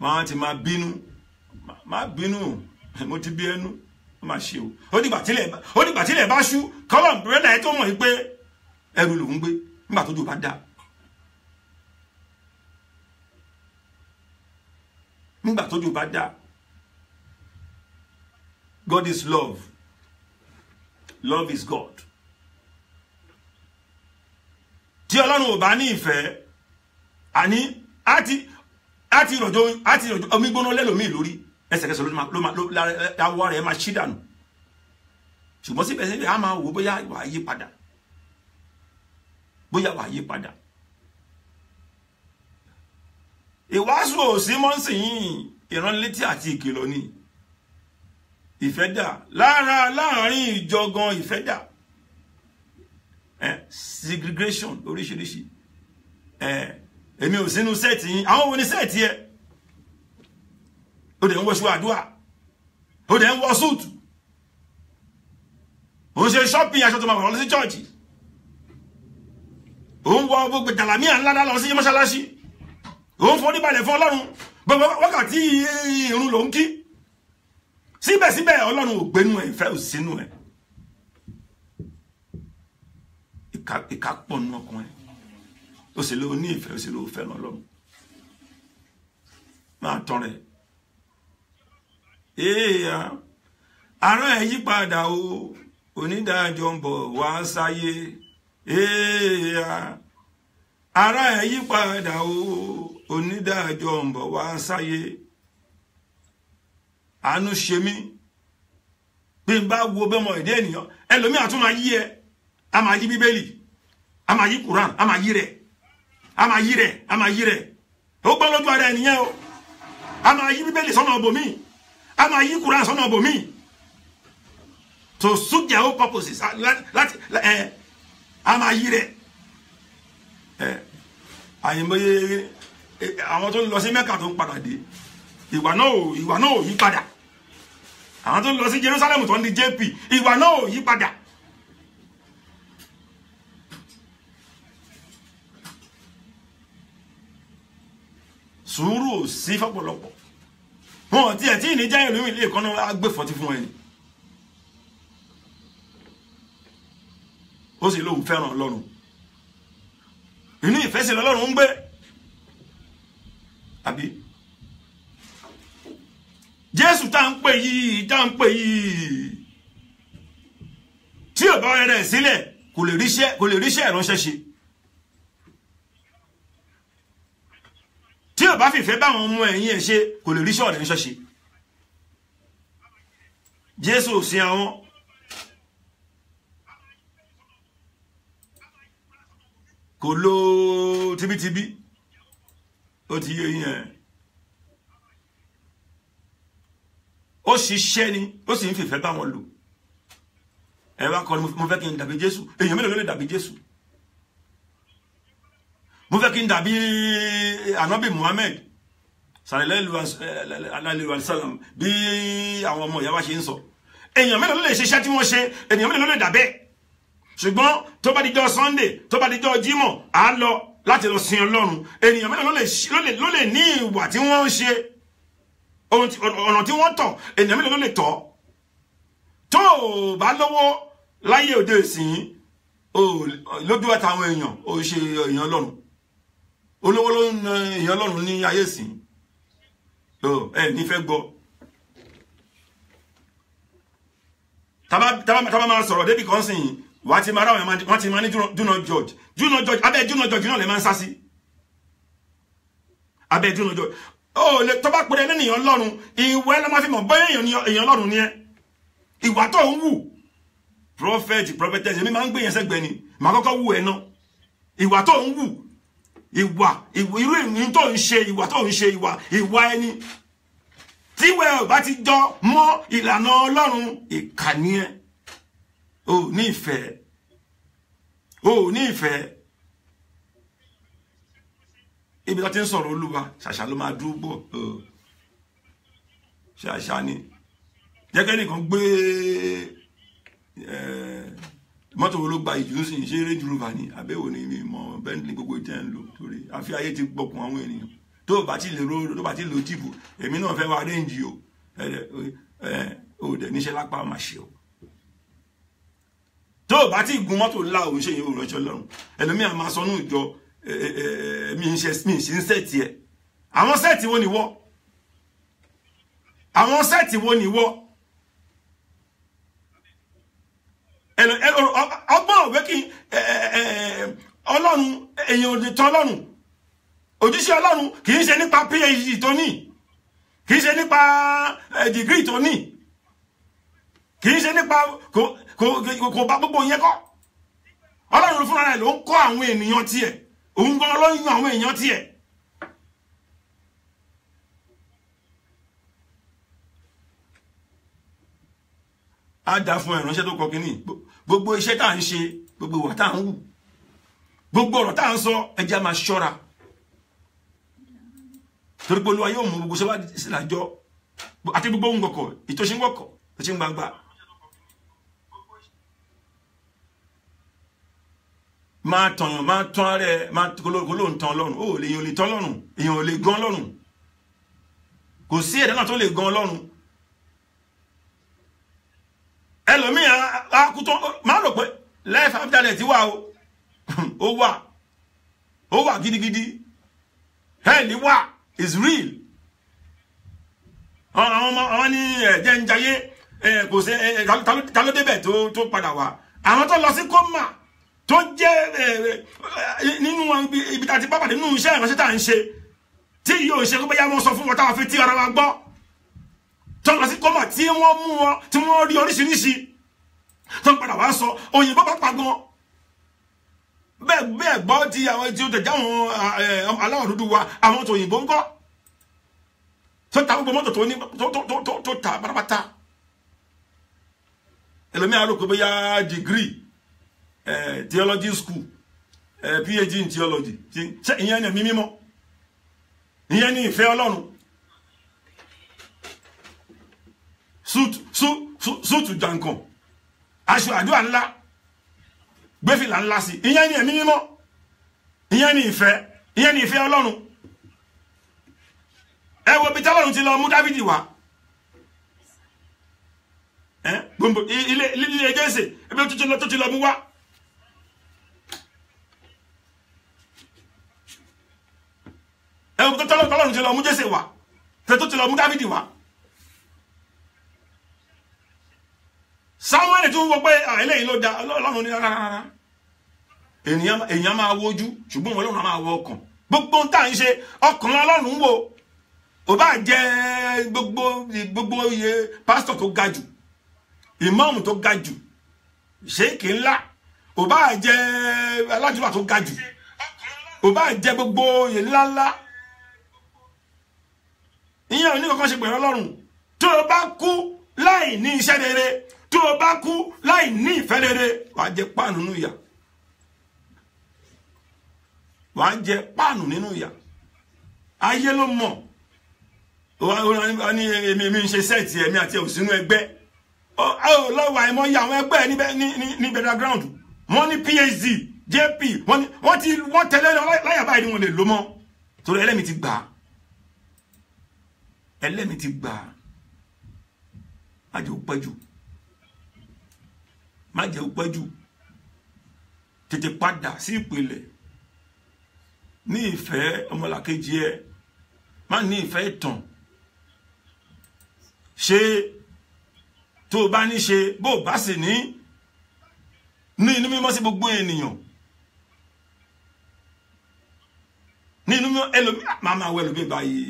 máa ti máa bínú máa bínú mo ti bí ẹnu ó máa ṣe o ó dìgbà tílẹ̀ bá ṣú kọ́lọ̀ bírẹ́dà ẹ tó mọ̀ pé ẹrù lòún gbé nígbà tójú bá dá nígbà tójú bá dá God is love love is God tí ọlọ́run ò bá ní ìfẹ́ àní á ti rọ̀jò omi gbóná lẹ́lòmíì lórí ẹsẹ̀kẹsẹ̀ ló máa láwọ́ rẹ̀ máa ṣí dànù ṣùgbọ́n síbẹ̀síbẹ̀ á máa wò bóyá wà á yí padà bóyá wà á yí padà ìwàásù òsì mọ́sìnyìn ìránnilétí àti ìkìlọ̀ ni ìfẹ́ lára láàrin ìjọgan ìfẹ́ Eh, segregation oríṣiríṣi eh, èmi ò sínú sẹ́ẹ̀tì yín àwọn wo ni sẹ́ẹ̀tì ẹ ó dẹ̀ ń wọṣọ àdúrà ó dẹ̀ ń wọ súùtù ó ń ṣe ṣọ́pìn aṣọ tó máa wà lọ sí chọ́ọ̀chì ó ń wọ gbogbo jàlámíà ńlá lọ sí mọ́ṣáláṣí ó ń foríbalẹ̀ fún ọlọ́run gbogbo wákàtí irun ló ń kí síbẹ̀síbẹ̀ ọlọ́run ò gbénú ẹ̀ ìfẹ́ ò ẹ̀ ìka pọ̀ nínú ọkùnrin ó sì lè ní ìfẹ́ ó sì lè fẹ́ràn ọlọ́run máa tán rẹ̀ èèyàn ara ẹ̀ yípadà o onídàájọ́ ń bọ̀ wá sáyé èèyàn ara ẹ̀ yípadà o onídàájọ́ ń bọ̀ wá sáyé àánú ṣe mí bí n bá wo bẹ́mọ̀ ìdí ènìyàn ẹlòmíà tún máa yí ẹ a máa yí bíbélì a máa yí Quran a máa yí rẹ̀ a máa yí rẹ̀ a máa yí rẹ̀ ó gbọ́ lójú ara ẹnìyẹn o a máa yí bíbélì sọ́nà ọ̀bọ̀ míì a máa yí Quran sọ́nà ọ̀bọ̀ míì to suit their own purposes láti ẹ eh, a máa yí rẹ̀ ẹ eh, àyìnbóye eh, àwọn tó ń lọ sí Mẹ́kà tó ń padà dé ìwà náà ò ìwà náà ò yí padà àwọn tó ń lọ sí Jerusalem tó ń di JP ìwà náà ò yí padà sùúrù sí fọ́pọ̀lọpọ̀ wọn tiẹ̀ tí ìníjà ìlú ilé ìkànnà agbèfọ́tí fún ẹni ó sì lóun fẹ́ràn ọlọ́run inú ìfẹ́ sí lọ́lọ́run ń gbé àbí jésù tá ń pè yìí tá ń pè yìí tí ò bá rẹ̀ sílẹ̀ kò lè ríṣẹ́ kò lè ríṣẹ́ ìránṣẹ́ ṣe. tí ò bá fìfẹ́ báwọn ọmọ ẹ̀yìn ẹ̀ ṣe kò lè ríṣẹ́ ọ̀rẹ́ ńṣọ́ṣe jésù ò sin àwọn kò lo tibítibí ó ti yé yín ẹ̀ ó ṣiṣẹ́ ni ó sì ń fìfẹ́ báwọn lò ẹ wá kọ́ ni mo fẹ́ kí n dàbí jésù èèyàn mélòó ló lè dàbí jésù mo fẹ́ kí n dàbí anabi muhammed sallallahu alaihi wasallam eh, bí àwọn ọmọ ìyá wa ṣe ń sọ èèyàn mélòó ló lè ṣiṣẹ́ tí wọ́n ṣe èèyàn mélòó ló lè dàbẹ́ ṣùgbọ́n tó bá dijọ́ sunday tó bá dijọ́ Jimo. à ń lọ láti lọ sin ọlọ́run èèyàn mélòó ló lè ní ìwà tí wọ́n ń ṣe ọ̀nà tí wọ́n tọ̀ èèyàn mélòó ló lè tọ̀ tó o bá lọ́wọ́ láyé òde ìsìn lójú àtàwọn èèyàn ó ṣe èèyàn ọlọ́run olówó ló ń na èèyàn ọlọ́run ní ayé sìn ẹ nífẹ̀ẹ́ gbọ́ tábà máa sọ̀rọ̀ débi kan sìn wàá ti máa ráwọn ẹ̀ wọ́n ti máa ní dúnà george dúnà george abẹ́ dúnà george náà lè máa ń sá sí abẹ́ dúnà george ó lè tọ́ba pèrè ní èèyàn ọlọ́run ìwọ ẹ lọ́ máa fi mọ̀ bóyá èèyàn ọlọ́run ni ẹ ìwà tó ń wù prophet prophetess èmi máa ń gbé yẹn sẹ́gbẹ̀ẹ́ ni màá kọ́kọ́ wù ẹ náà ìwà tó ń wù ìwà irú ìrìn tó ń ṣe ìwà tó ń ṣe ìwà ìwà ẹni tíwẹ̀ ò bá ti jọ mọ́ ìlànà ọlọ́run ìkànnì ẹ̀ ò ní ìfẹ́ ò ní ìfẹ́ ibi tó ti ń sọ̀rọ̀ olúwa ṣàṣà ló máa dúró bọ̀ ṣàṣà ni jẹ́kẹ́ nìkan gbé ẹ̀ẹ́ mọ́tò wo ló gba ìjù sí ṣé eré jùlọ fà ní àbẹ̀wò ni mi mọ̀ bẹ́ńtì gbogbo tẹ́ ń lò torí àfi ayé ti gbọkùn àwọn ènìyàn tó o bá ti lè ro tó o bá ti lo jíìpù èmi náà fẹ́ wá réǹjì o ò dẹ̀ níṣẹ́ lápá máa ṣe o tó o bá ti gun mọ́tò ńlá òun ṣe ìyẹn òrànṣẹ́ lọ́rùn ẹlòmíà máa sọ náà jọ mi ṣe mi ṣe ń sẹ́ẹ̀tì ẹ̀ àwọn sẹ́ẹ̀tì wo ni wọ́ àwọn sẹ́ẹ̀tì wo ni wọ́ ọgbọ́n òwe kí ọlọ́run èèyàn òde tán ọlọ́run ojúṣe ọlọ́run kì í ṣe nípa phd tó ní kì í ṣe nípa degree tó ní kì í ṣe nípa kò bá gbogbo yẹn kọ́ ọlọ́run fúnra rẹ̀ ló ń kọ́ àwọn ènìyàn tiẹ̀ òun gan ló ń yan àwọn èèyàn tiẹ̀. á dá fún ìránṣẹ́ tó kọ kínní gbogbo iṣẹ́ tá à ń ṣe gbogbo ìwà tá à ń wù gbogbo ọ̀rọ̀ tá à ń sọ ẹ jẹ́ máa ṣọ́ra torí pé olúwa yóò mú gbogbo ṣẹ́wá sílàjọ́ àti gbogbo ohun kọ̀kọ̀ ìtòṣe ń wọ̀kọ̀ ìtòṣe ń gbangba. máa tọ̀yàn máa tán ara ẹ máa kólóhùn tán ọlọ́run ó lè yan olè tán ọlọ́run èèyàn ò lè gan ọlọ́run kò sí ẹ̀dá náà tó lè gan ọlọ́run ẹlòmíì akutọ máa rò pé life after death wà o (laughs) wà ó wà gidigidi hell wà is real àwọn ọmọ àwọn ní ẹ̀jẹ̀ ń jayé kò sí ta ló débẹ̀ tó padà wá àwọn tó lọ sí kọ́mà tó jẹ́ nínú ibi tá a ti bá pàdé nínú iṣẹ́ ìránṣẹ́ tá à ń ṣe tí yóò ṣe kó bá yá wọn sọ fún wọn táwọn fi ti ara wa gbọ́ tó lọ sí kọ́mà tí wọ́n mú wọn tí wọ́n rí oríṣiríṣi tó ń padà wá sọ òyìnbó bá pa gan bẹ́ẹ̀ bẹ́ẹ̀ gbọ́ ti àwọn tí ó tẹ̀ jáwọn aláwọ̀ dúdú wa àwọn tòyìnbó ń kọ́ tó ta gbogbo mọ́tò tó ní tó ta pátápátá ẹlòmíà rò pé bóyá degree theology school phd in theology ìyẹn ni ẹ̀mí mímọ́ ìyẹn ni ìfẹ́ ọlọ́run súùtù jàǹkàn aṣọ àdúrà ńlá gbẹ́fìlà ńlá sí ìyẹn ni ẹ̀mí mímọ́ ìyẹn ni ìfẹ́ ìyẹn ni ìfẹ́ ọlọ́run ẹ wo bí tọ́lọ́run ti lọ mú dávidi wá gbogbo ilé ilé jésè ebi tó ti lọ mú wá. ẹ wo bí tọ́lọ́run ti lọ mú jésè wá tẹ́ tó ti lọ mú dávidi wá. wo pé ah, eléyìí ló da ọlọ́run ní rárá èèyàn máa wojú ṣùgbọ́n ọlọ́run máa wo ọkàn gbogbo ohun tá à ń ṣe ọkàn ọlọ́run ń wò ó bá jẹ́ gbogbo gbogbo iye pásítọ̀ tó ga jù ìmáàmù tó ga jù ṣéèkì ńlá ó bá jẹ́ alájùmọ̀ tó ga jù ó bá jẹ́ gbogbo iye ńláńlá ìyẹn ò ní kankan ṣe pẹ̀lú ọlọ́run tó o bá kú láì ní iṣẹ́ rere tó o bá kú láì ní ìfẹ́ rere wàá jẹ páànù nínú ìyà wàá jẹ páànù nínú ìyà ayé ló mọ̀ ní èmi mi ń ṣe sẹ́ẹ̀tì ẹ̀mí àti òsínú ẹgbẹ́ ọ lọ́wọ́ ya àwọn ẹgbẹ́ níbẹ̀ ní background wọ́n ní PhD JP wọ́n ti wọ́n tẹ̀lé láyà báyìí ni wọ́n lè lò mọ́ torí ẹlẹ́mi ti gbà ẹlẹ́mi ti gbà àjò pẹ́jù má jẹ́ ó pẹ́ jù tètè padà sí ìpìlẹ̀ ní ìfẹ́ ọmọlàkejì ẹ má ní ìfẹ́ ìtàn ṣe tó o bá ní ṣe bó o bá sì ní ní inú mímọ́ sí gbogbo ènìyàn ní inú mímọ́ ẹlòmí màmá wọ ẹlòmí báyìí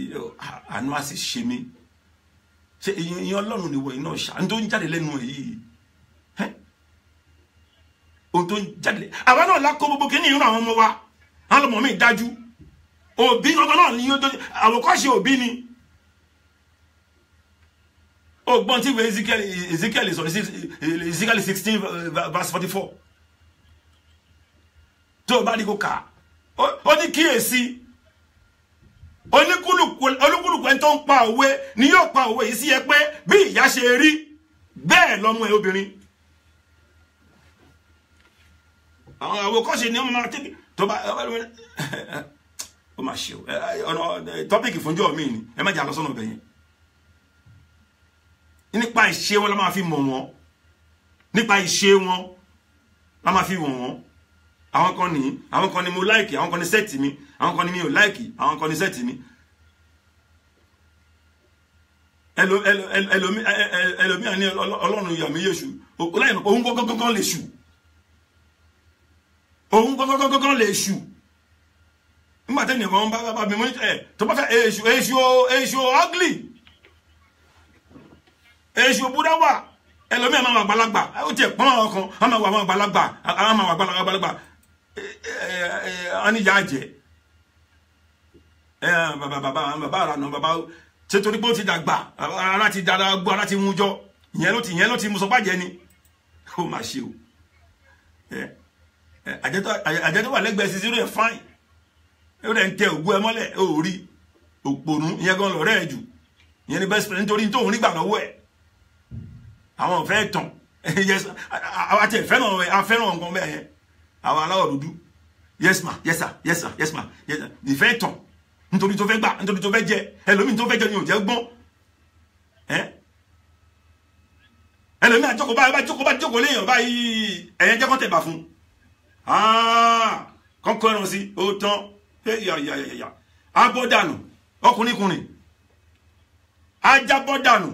àánú á sì ṣe mí ṣe ìyẹn ọlọ́run nìwọ iná ṣá ní tó ń jáde lẹ́nu ẹ̀ yìí ohun tó ń jáde àwa náà lákó gbogbo kí ní ìran àwọn ọmọ wa àwọn ọmọ mi dájú òbí gangan náà ni yóò tó àwòkọ́ṣe òbí ni ọgbọ́n tí ìwé Ezekiel sọ Ezekiel sixteen eh, verse forty four tó o bá rí kó kà ó ní kíyèsí olúkúlùkù ẹni tó ń pa òwe ni yóò pa òwe yìí sí ẹ pé bí ìyá ṣe rí bẹ́ẹ̀ lọ́mọ ẹ obìnrin àwọn àwòkọ́ṣe ni wọ́n máa tẹ́kì tó bá ó máa ṣe o ọ̀nà tọ́pìkì fúnjọ́ mi ni ẹ má jà lọ sọ́nà ọ̀bẹ yẹn nípa ìṣe wọn la máa fi mọ̀ wọn nípa ìṣe wọn la máa fi wọ̀ wọn àwọn kan ní àwọn kan ní mo láìkì àwọn kan ní sẹ́ẹ̀tì mi àwọn kan ní mi ò láìkì àwọn kan ní sẹ́ẹ̀tì mi ẹlòmíà ní ọlọ́run ìyàmí yéṣu ọláyìn òun gbọ́ngàn lè ṣù òun gọ́gọ́gọ́gọ́ lè ṣù nígbà nìkan bá bá mi mú ẹ tó bá fẹ́ èṣù èṣù èṣù ugly èṣù budawa ẹlòmíà máa wà gbalagbà ó tiẹ̀ pọ́n àwọn kan á máa wà àwọn gbalagbà á máa wà gbalagbà á ní yáa jẹ bàbá bàbá bàbá àrànà bàbá ṣe torí pé ó ti dàgbà ara ti dára gbọ́ ara ti mú jọ ìyẹn ló ti ìyẹn ló ti mú sọpá jẹ ni ó máa ṣe o àjẹtọ́ wà lẹ́gbẹ̀ẹ́ sí zero fine. fáìn ó rẹ̀ ń tẹ ògú ẹ mọ́lẹ̀ ó rí òpònú ìyẹn gan lọ́rẹ́ ẹ̀ jù ìyẹn ni best friend nítorí tóun rí gbà lọ́wọ́ ẹ̀ àwọn ọ̀fẹ́ tàn àwọn (laughs) àti ìfẹ́ràn ọ̀rẹ́ afẹ́ràn nǹkan bẹ́ẹ̀ yẹn àwọn aláwọ̀ dúdú yes ma yes sir yes sir yes ma Yes. ìfẹ́ tàn nítorí tó fẹ́ gbà nítorí tó fẹ́ jẹ ẹlòmíì tó fẹ́ jẹ ni ò jẹ́ gbọ́n ẹlòmíì àjọkọ̀ báyìí bá jókòó bá jókòó léèyàn báyìí ẹ̀yẹn jẹ́kọ́ tẹ̀ bà fún un. Ah, kọ́kọ́ ẹran sí ó tán yàyàyàyà abọ́dànù ọkùnrin kùnrin ajábọ́dànù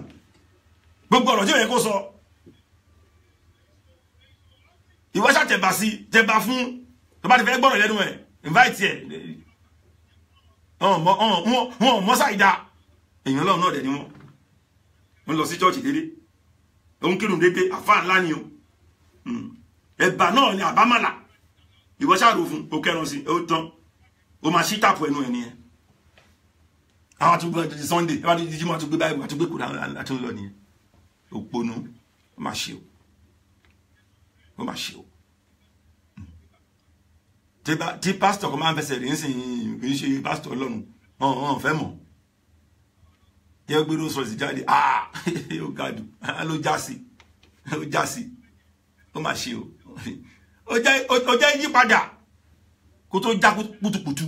gbogbo ọ̀rọ̀ tí ò yẹ kó sọ ìwọ ṣàtẹ̀bà sí tẹ̀bà fún tó bá ti fẹ́ gbọ́rọ̀ lẹ́nu ẹ̀ invite ẹ̀ wọn mọ́sá ìdá èèyàn lọ́run náà dẹ̀ ni wọ́n ń lọ sí chọ́ọ̀chì dédé òun kírun dédé àfáà ńlá ni o hmm. ẹ̀bà náà ni àbámàlà ìwọ ṣáàrù fún o kẹrun sí o tán o máa ṣí tàpù ẹnu ẹ nìyẹn àwọn àtúgbò àti sunday àwọn àti jíjìmọ àtúgbò báyìí àtúgbò kúrò àti lọ nìyẹn òponu ó máa ṣe o ó máa ṣe o tí pásítọ̀ kan máa ń fẹsẹ̀ rí ń sìn kì í ṣe pásítọ̀ ọlọ́run ọ̀hún ọ̀hún fẹ́ mọ̀ yẹ gbé rose rose jáde ah (laughs) ó ga jù (laughs) ló já sí (laughs) ló já sí ó mà ṣe o ó jẹ́ ó jẹ́ yípadà kó tó já kùtùkùtù.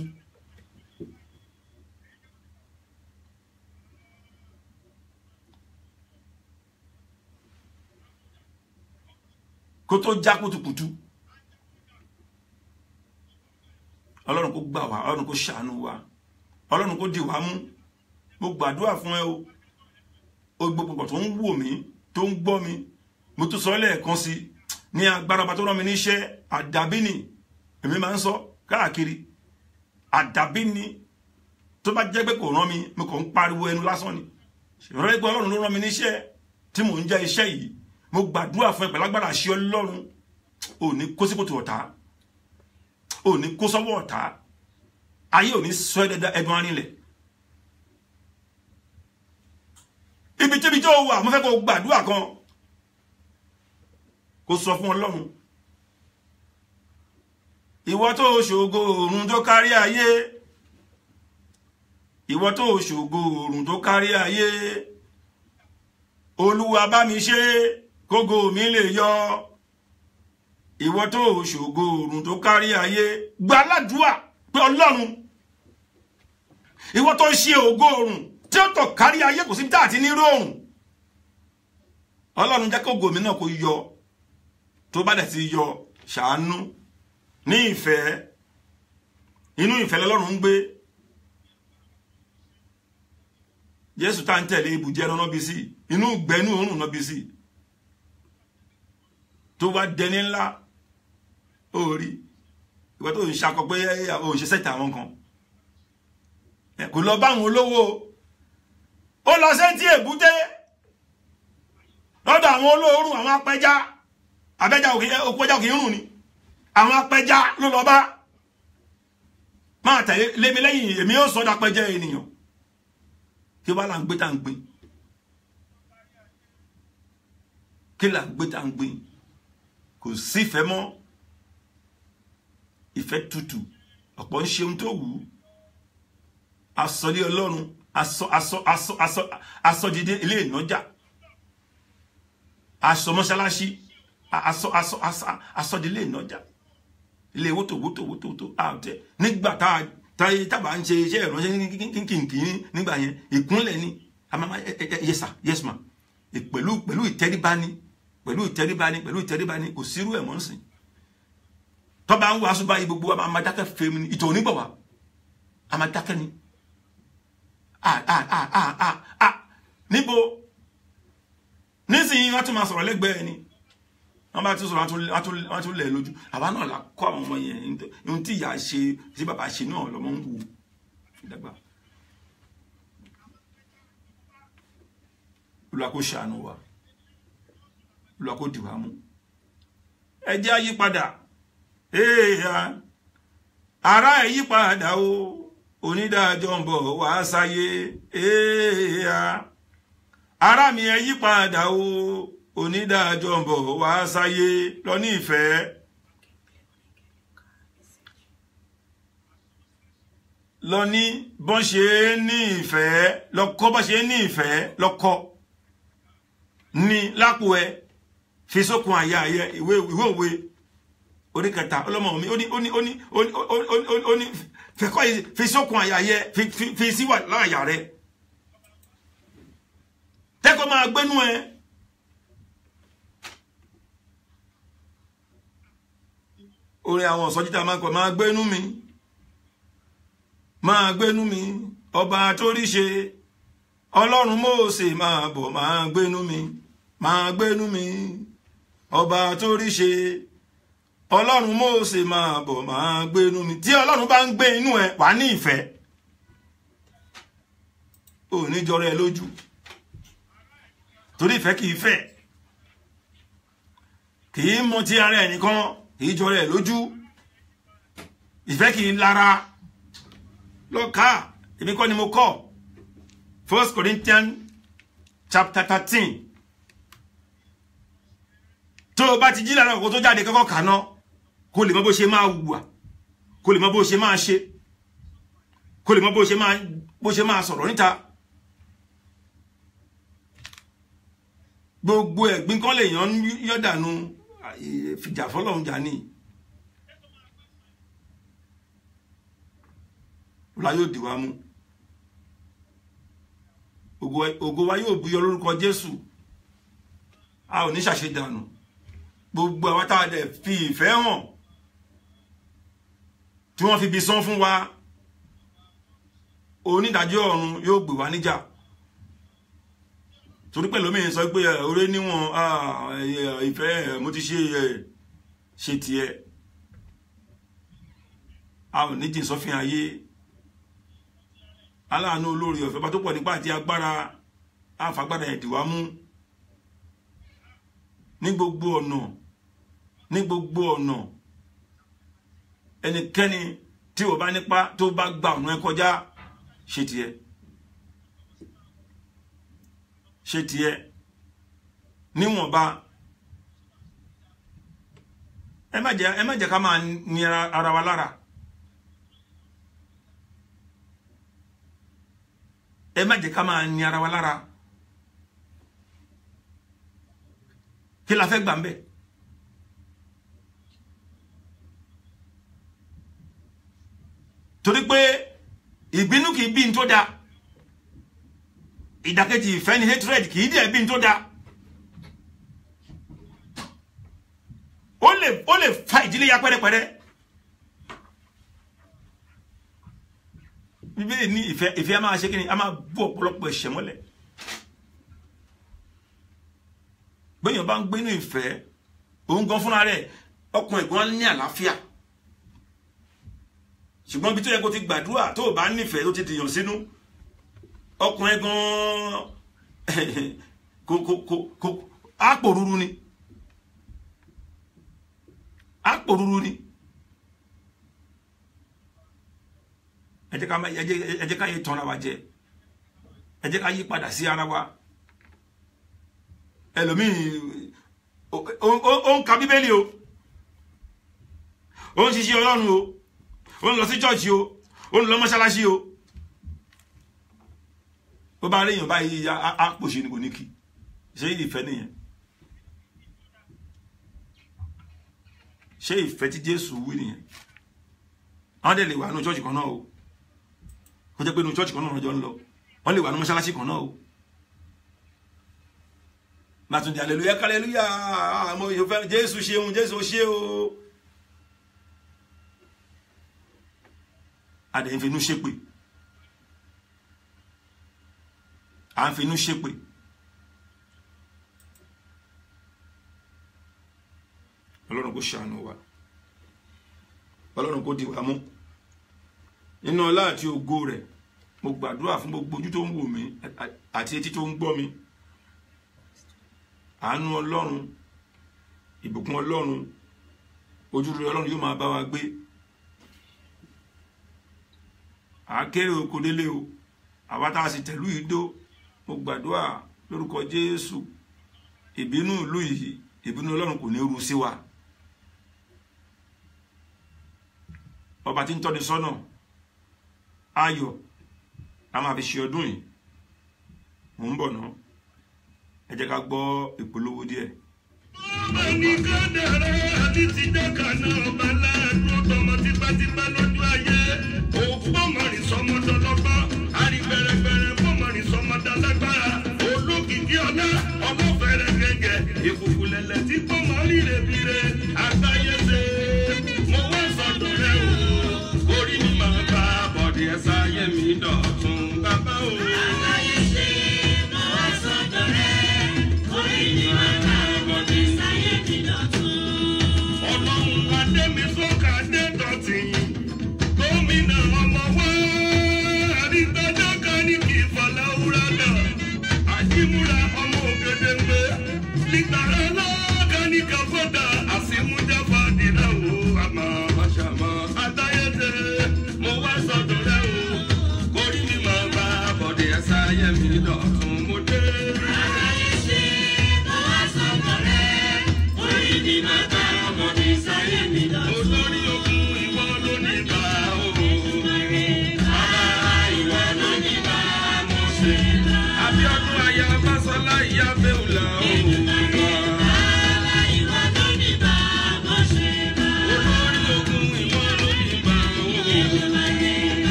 kó tó já kùtùkùtù ọlọ́run kó gbà wá ọlọ́run kó ṣàánú wa ọlọ́run kó dì wá mú mo gbàdúrà fún ẹ o o gbogbo tó ń wò mí tó ń gbọ́ mi mo tún sọ lẹ́ẹ̀kan sí i ní agbára ọba rán mi níṣẹ́ àdàbí ni èmi máa ń sọ káàkiri àdàbí ni tó bá jẹ́ pé kò rán mi mi kò ń pariwo ẹnu lásán ni ṣèwọ́n rẹ́ pé ọlọ́run ló rán mi níṣẹ́ tí mò ń jẹ́ iṣẹ́ yìí mo gbàdúrà fún ẹ pẹ̀lú agbára ọlọ́run ò ní kó síkòtò ọ̀tá ò ní kó sọ́wọ́ ọ̀tá ayé ò ní sọ ẹ́ dandan ẹ̀dùn arìnlẹ̀ ibi tíbi tó wà mo fẹ́ kó gbàdúrà kan kó sọ fún ọlọ́run ìwọ tó ṣògo oòrùn tó kárí ayé ìwọ tó ṣògo oòrùn tó kárí ayé olúwa bá mi ṣe kógo mi lè yọ ìwọ tó ṣògo oòrùn tó kárí ayé gbà ládùúà pé ọlọ́run ìwọ tó ṣe ògo oòrùn tí ó tọ̀ kárí ayé kò sí tá àti ní róòrùn ọlọ́run jẹ́ kógo mi náà kó yọ tó bá dẹ̀ ti yọ ṣàánú ní ìfẹ́ inú ìfẹ́ lọ́lọ́run ń gbé Jésù tá ń tẹ̀lé ibùjẹ́ lọ́nà bí sí inú gbẹ́nú òórùn náà bí sí tó wá dẹni ńlá ó rí ìwọ tó ń ṣakọ pé ó ń ṣe sẹ́tà àwọn kan kò lọ bá àwọn olówó ó lọ sẹ́ńtì èbúté lọ́dọ̀ àwọn olóòórùn àwọn apẹja abẹ́jà òkú eh, ẹja òkè irun ni àwọn apẹja ló lọ bá máa tẹ̀lé lémi lẹ́yìn èmi yóò sọ́dọ̀ apẹja ènìyàn kí wá là ń gbé tá ń gbin kí là ń gbé tá ń gbin kò sífẹ̀ẹ́ mọ́ ìfẹ́ tutù ọ̀pọ̀ ń ṣe ohun tó wù ú asọ̀lé ọlọ́run asọ̀dìdé ilé ìnájà asọ̀ mọ́ṣáláṣí aṣọ aṣọ aṣọdílé ìnájà ilé wótòwótòwótòwótò àtẹ nígbà tá a táyé tábà ń ṣe iṣẹ́ ìránṣẹ́ kínkìnkì nígbà yẹn ìkúnlẹ̀ ni amama yes sir yes ma pẹ̀lú pẹ̀lú ìtẹríba ni pẹ̀lú ìtẹríba ni pẹ̀lú ìtẹríba ni kò sírú ẹ̀ mọ́ ń sìn tọ́ba ń wàásù báyìí gbogbo wa máa dákẹ́ fèmí ni ìtọ̀ onígbà wa ah ah dákẹ́ ni níbo nísìnyí wọ́n tún máa sọ̀rọ̀ ni wọ́n bá tún sọ̀rọ̀ wọ́n tún lẹ̀ lójú àbá náà la kọ́ àwọn ọmọ yẹn ohun tí ìyá ṣe tí bàbá ṣe náà lọ́mọ ń wò ìdàgbà. Olúwa ṣàánú wa Olúwa kó dìwà mú ẹ jẹ́ àyípadà ara ẹ̀ yípadà o onídàájọ́ ń bọ̀ wá sáyé ara mi ẹ̀ yípadà o onídàájọ́ ń bọ̀ wá sáyé lọ ní ìfẹ́ lọ ní bọ́n ṣe ní ìfẹ́ lọ́kọ́ bọ́n ṣe ní ìfẹ́ lọ́kọ́ ní lápò ẹ fi sókun àyà ayẹ ìwé òwe orí kẹta ọlọ́mọ mi ó ní ó ní ó ní ó ní fẹ́kọ́ yìí fi sókun àyà ayẹ fi síwà láàyà rẹ tẹ́kọ̀ọ́ máa gbénú ẹ. orin àwọn ọ̀sọ́jí tá a máa ń kọ máa gbénú mi máa gbénú mi ọba torí ṣe ọlọ́run Mósè máa bọ̀ máa gbénú mi máa gbénú mi ọba torí ṣe ọlọ́run Mósè máa bọ̀ máa gbénú mi tí ọlọ́run bá ń gbé inú ẹ wà ní ìfẹ́ ò ní jọrọ ẹ lójú torí ìfẹ́ kì fẹ́ kì mọ ti ara ẹ nìkan èyí jọrọ ẹ̀ lójú ìfẹ́ kì í lára lọ́ka èmi kọ́ ni mo kọ́ First Corinthians chapter thirteen tó o bá ti jí lára òkú tó jáde kọ́kọ́ kàná kó lè mọ bó ṣe máa wùwà kó lè mọ bó ṣe máa ṣe kó lè mọ bó ṣe máa bó ṣe máa sọ̀rọ̀ níta gbogbo ẹ̀gbin kan lèèyàn yọ̀dànù fìjà fọlọ́run jà ní ọlá yóò dìwà mú ògo wa yóò buyọ lórúkọ Jésù a ò ní ṣàṣedànù gbogbo àwọn tá a dẹ̀ fi ìfẹ́ hàn tí wọ́n fi bí sán fún wa onídàájọ́ ọ̀run yóò gbè wá níjà torí pẹ̀lú mi sọ pé ah, orí níwọ̀n ah, ìfẹ́ mo ti ṣe ṣe tiẹ̀ a ò ní jìn sọ́fin ayé aláàánú olórí ọ̀fẹ́ bá tó pọ̀ nípa àti agbára àfagbára ẹ̀dìwá mú ní gbogbo ọ̀nà ní gbogbo ọ̀nà ẹnikẹ́ni tí o bá nípa tó bá gba ọ̀nà ẹ kọjá ṣe tiẹ̀ ṣe tiẹ̀ níwọ̀nba ẹ má jẹ́ ẹ má jẹ́ ká máa ní ara wa lára ẹ má jẹ́ ká máa ní ara wa lára kí la fẹ́ gbà ń bẹ́ẹ̀. torí pé ìbínú kì í bí n tó dáa ìdàkejì ìfẹ́ ni hatred kì í dẹ̀ bí tó da ó lè ó lè fa ìdílé ya pẹ́rẹ́pẹ́rẹ́ bíbélì ní ìfẹ́ ìfẹ́ a máa ṣe kí ni a máa bú ọ̀pọ̀lọpọ̀ ẹ̀ṣẹ̀ mọ́lẹ̀ gbẹ̀yìn bá ń gbé inú ìfẹ́ òun gan fúnra rẹ̀ ọkùnrin ìgbọ́n ní àlàáfíà ṣùgbọ́n ibi tó yẹ kó ti gbàdúrà tó o bá nífẹ̀ẹ́ tó ti dìyàn sínú ọkùnrin gan-an (laughs) kò kò kò kò àpò rúru ni àpò rúru ni ẹ jẹ́ ká ẹ jẹ́ ká yé tàn ara wa jẹ ẹ jẹ́ ká yí padà sí ara wa ẹlòmíì ó ń ka bíbélì o ó ń ṣiṣẹ́ ọlọ́run o ó ń lọ sí chọ́ọ̀chì o ó ń lọ mọ́ṣáláṣí o bó bá réyìn báyìí ya àpòṣe ni kò ní kí ṣé ìfẹ́ nìyẹn ṣé ìfẹ́ tí Jésù wí nìyẹn àwọn dẹ̀ lè wà nínú chọ́ọ̀chì kan náà o kó jẹ́ pé nínú chọ́ọ̀chì kan náà lọ́jọ́ ń lọ wọ́n lè wà nínú mọ́ṣáláṣí kan náà o màtúndì àlèlúyà kálẹ́lúyà àmọ́ ìfẹ́ Jésù ṣeun Jésù ṣe o adẹ̀ ń finú ṣépè. à ń finú ṣépè ọlọ́run kò ṣàánú wa ọlọ́run kò dì wá mú nínú ọlá àti ògo rẹ̀ mo gbàdúrà fún gbogbo ojú tó ń wò mí àti etí tó ń gbọ́ mi àánú ọlọ́run ìbùkún ọlọ́run ojúrere ọlọ́run yóò máa bá wa gbé àákéré oko o àwa tá a sì tẹ̀lú ìdó mo gbàdúrà lórúkọ jésù ìbínú ìlú yìí ìbínú ọlọ́run kò ní rú sí wa ọba tí ń tọ́ni sọ́nà ayọ̀ a máa fi ṣe ọdún yìí mò ń bọ̀ náà ẹ jẹ́ ká gbọ́ ìpolówó díẹ̀. ọmọ ní kádàrá àti tìjọ́ kan náà ọba láàánú ọmọ tipátipá lójú ayé.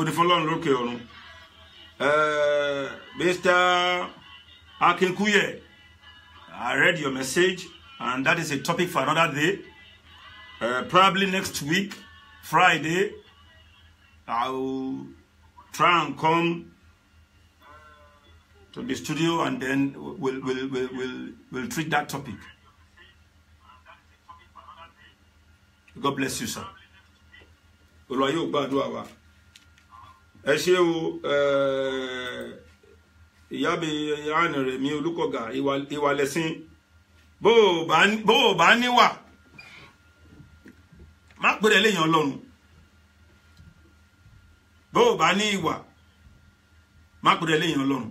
ògo ni fọlọ́run lókè ọ̀run Mr. Akinkuye, I read your message, and that is a topic for another day. Uh, probably next week, Friday, I'll try and come to the studio and then we'll, we'll, we'll, we'll, we'll treat that topic. God bless you, sir. ẹ ṣé o ìyá mi ìyáàni rẹ̀ mi olùkọ̀gà ìwà lẹ̀sìn bó o bá níwà má pèrè léèyàn ọlọ́run bó o bá ní ìwà má pèrè léèyàn ọlọ́run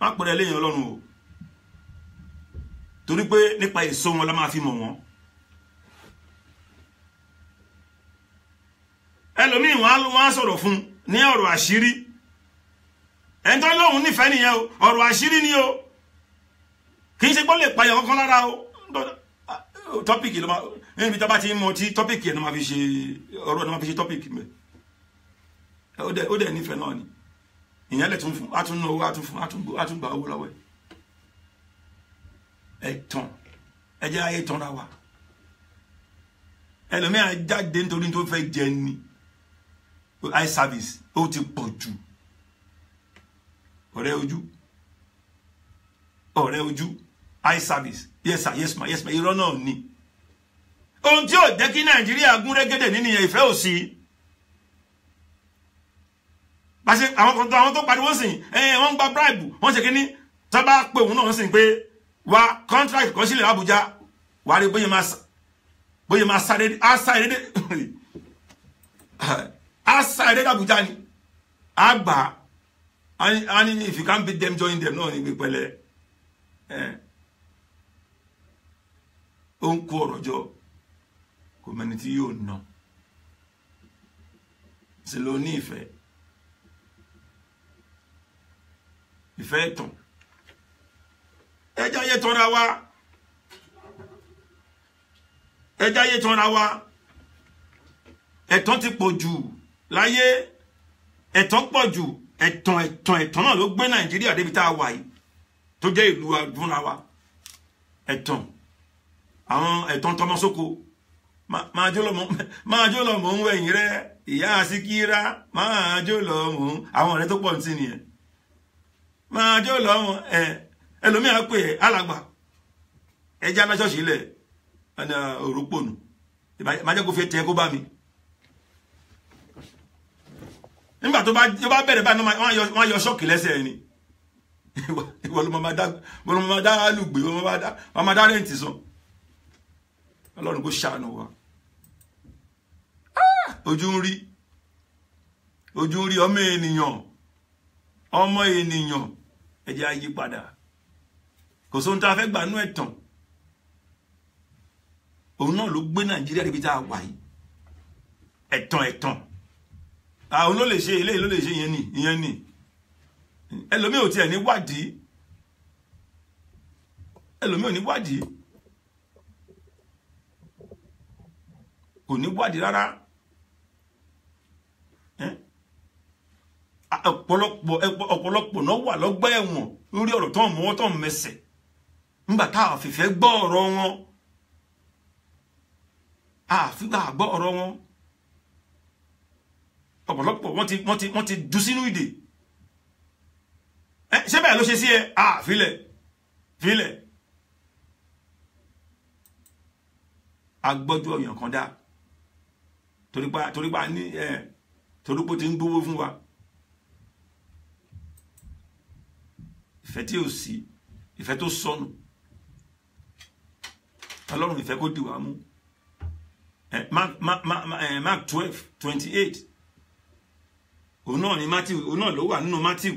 má pèrè léèyàn ọlọ́run o torí pé nípa èso wọn la máa fi mọ̀ wọ́n. ẹlòmíì wọn á sọ̀rọ̀ fún ní ọ̀rọ̀ àṣírí ẹni tó lóhun nífẹ̀ẹ́ nìyẹn o ọ̀rọ̀ àṣírí ni o kì í ṣe pé ó lè payọ̀ kankan lára o tọ́pìkì ló máa níbi tó bá ti ń mọ tí tọ́pìkì ẹ̀ ló máa fi ṣe ọ̀rọ̀ ló máa fi ṣe tọ́pìkì mẹ́ ó dẹ̀ nífẹ̀ẹ́ náà ni ìyẹn lè tún fún atún náwó atún fún atún gba owó lọ́wọ́ ẹ̀ tán ẹ jẹ́ ayé tán ra wa ẹlòmíà jáde nítorí tó fẹ́ jẹ ni eye service ó ti pọ̀ jù ọ̀rẹ́ ojú ọ̀rẹ́ ojú eye service yes sir yes ma yes ma irọ́ náà ni ohun tí yóò jẹ́ kí nàìjíríà gún régédè nínú ìyẹn ìfẹ́ òsì pàṣẹ àwọn kan tó àwọn tó pariwo sìn ẹ wọ́n ń gba bribe wọ́n ṣe kínní tó bá pè òun náà sìn pé wa contract kan sílẹ̀ Àbújá wàá rí bóyá máa sáré á sáré dé. (laughs) a sáré dàbújá ni a gbà á ní if you can't beat them join them No ní pípẹ́lẹ́ ó Eh? kó ọ̀rọ̀ jọ kò mẹ́ni tí yóò nà sí ló ní ìfẹ́ ìfẹ́ ìtàn ẹjá wa ẹjá yẹ tọ́ra wa ẹ̀tàn ti pọ̀ láyé ẹ̀tàn pọ̀ jù ẹ̀tàn ẹ̀tàn ẹ̀tàn náà ló gbé nàìjíríà débi tá a wà yìí tó jẹ́ ìlú adúnra wa ẹ̀tàn àwọn ẹ̀tàn tọmọsóko máa jó lọ mò ń wẹ̀yìn rẹ ìyá síkírá máa jó lọ mò ń àwọn ọ̀rẹ́ tó pọ̀ ní sí nìyẹn máa jó lọ mò ẹ ẹlòmíà pè é alàgbà ẹjẹ aláṣọ́ọ̀ṣì ilẹ̀ òrùpọ̀nù ìbájẹ́ kó fi tẹ kó bá mi nígbà tó bá bẹ̀rẹ̀ báyìí wọ́n yọ ṣọ́ọ̀kì lẹ́sẹ̀ ni ìwọ ló máa dá lùgbé wọ́n máa dá rẹ́ǹtì san ọlọ́run kò ṣàánú wa ah! ojú ń rí ojú ń rí ọmọ ènìyàn ọmọ ènìyàn ẹ jẹ́ á yí padà kò sóhun tá a fẹ́ gbà nú ẹ̀tàn òun náà ló gbé nàìjíríà débi tá a wà yìí ẹ̀tàn ẹ̀tàn àwọn ah, ló lè ṣe eléyìí ló lè ṣe ìyẹn ni ìyẹn ni ẹlòmíì ò tiẹ̀ ní wádìí ẹlòmíì ò ní wádìí kò ní wádìí rárá ọ̀pọ̀lọpọ̀ ọ̀pọ̀lọpọ̀ náà wà lọ́gbà ẹ̀wọ̀n lórí ọ̀rọ̀ tó ń mọ́wọ́ tó ń mẹsẹ̀ nígbà tá a fìfẹ́ gbọ́ ọ̀rọ̀ wọn àfìgbà gbọ́ ọ̀rọ̀ wọn ọ̀pọ̀lọpọ̀ wọ́n ti wọ́n ti wọ́n ti jù sínú ìdè ṣé bẹ́ẹ̀ ló ṣe sí ẹ à filẹ̀ filẹ̀ agbọ́jú ọ̀yàn kan dá torípa torípa ní ẹ torípo ti ń gbówó fún wa ìfẹ́ tí ò sí ìfẹ́ tó sọnù ọlọ́run ìfẹ́ kó dìwà mú Mark twelve twenty eight òun náà ni matthew òun náà ló wà nínú matthew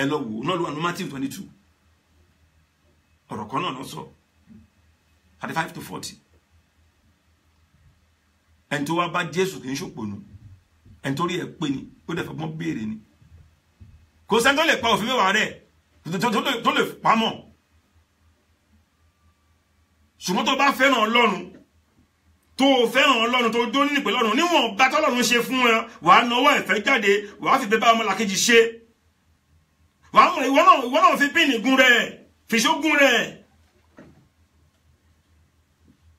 ẹ lọ wò òun náà ló wà nínú matthew twenty two ọ̀rọ̀ kan náà ló sọ thirty five to forty ẹni tó wá bá jésù kì í ṣòpònú ẹni tó rí ẹ pé ni ó dẹ̀ fọgbọ́n béèrè ni kò sẹ́ni tó lè pa òfin mẹ́wàá rẹ̀ tó lè pamọ́ ṣùgbọ́n tó bá fẹ́ràn ọlọ́run tó fẹ́ràn ọlọ́run tó dó nínú ìpẹ́lọ́run níwọ̀n bá tọ́lọ́run ṣe fún ẹ wàá náwó ẹ̀fẹ́ jáde wàá fi bẹ́ẹ̀ bá ọmọlàkejì ṣe ìwọ náà fi pín ìgún rẹ fìṣógún rẹ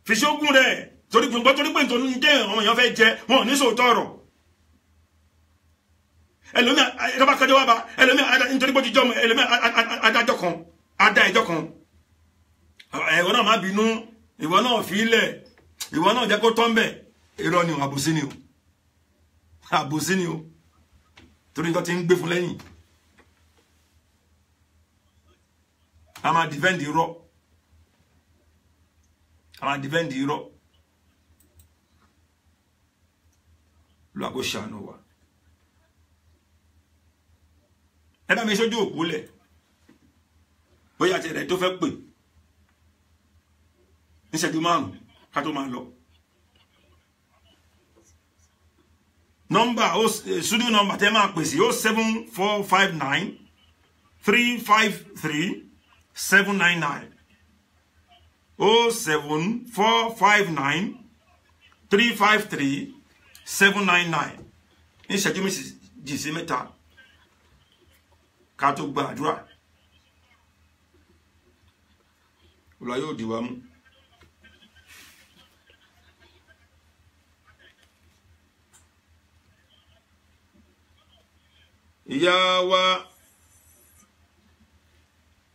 fìṣógún rẹ torí gbogbo torí pé nítorí jẹ́ ọmọ èèyàn fẹ́ jẹ wọn ò ní sòótọ́ ọ̀rọ̀ ẹlòmíà ẹ̀rọba kọ́dé wá bá ẹlòmíà nítorí pé jíjọ́ ẹlòmíà adájọ́ kan adá ẹjọ́ kan ìwọ náà má bínú ìwọ náà fi í lẹ̀ ìwọ náà jẹ́ kó tọ́ ń bẹ̀ irọ́ ni o àbòsí ni o àbòsí ni o torí nǹkan ti ń gbé fún lẹ́yìn a máa dìfẹ́ǹdì irọ́ a máa dìfẹ́ǹdì irọ́ lọ́gbọ́ ṣàánú wa ẹ mi sójú òkú lẹ̀ bóyá àti ẹ̀rẹ̀ tó fẹ́ pè níṣẹ́jú márùn-ún ká tó máa lọ. nọ́mbà eh, studio nọ́mbà tẹ́ máa pèsè ó seven four five nine three five three seven nine nine ó seven four five nine three five three seven nine nine ní ìṣẹ́jú méjì sí mẹ́ta ká tó gba àdúrà ọlá yóò mú. ìyá wa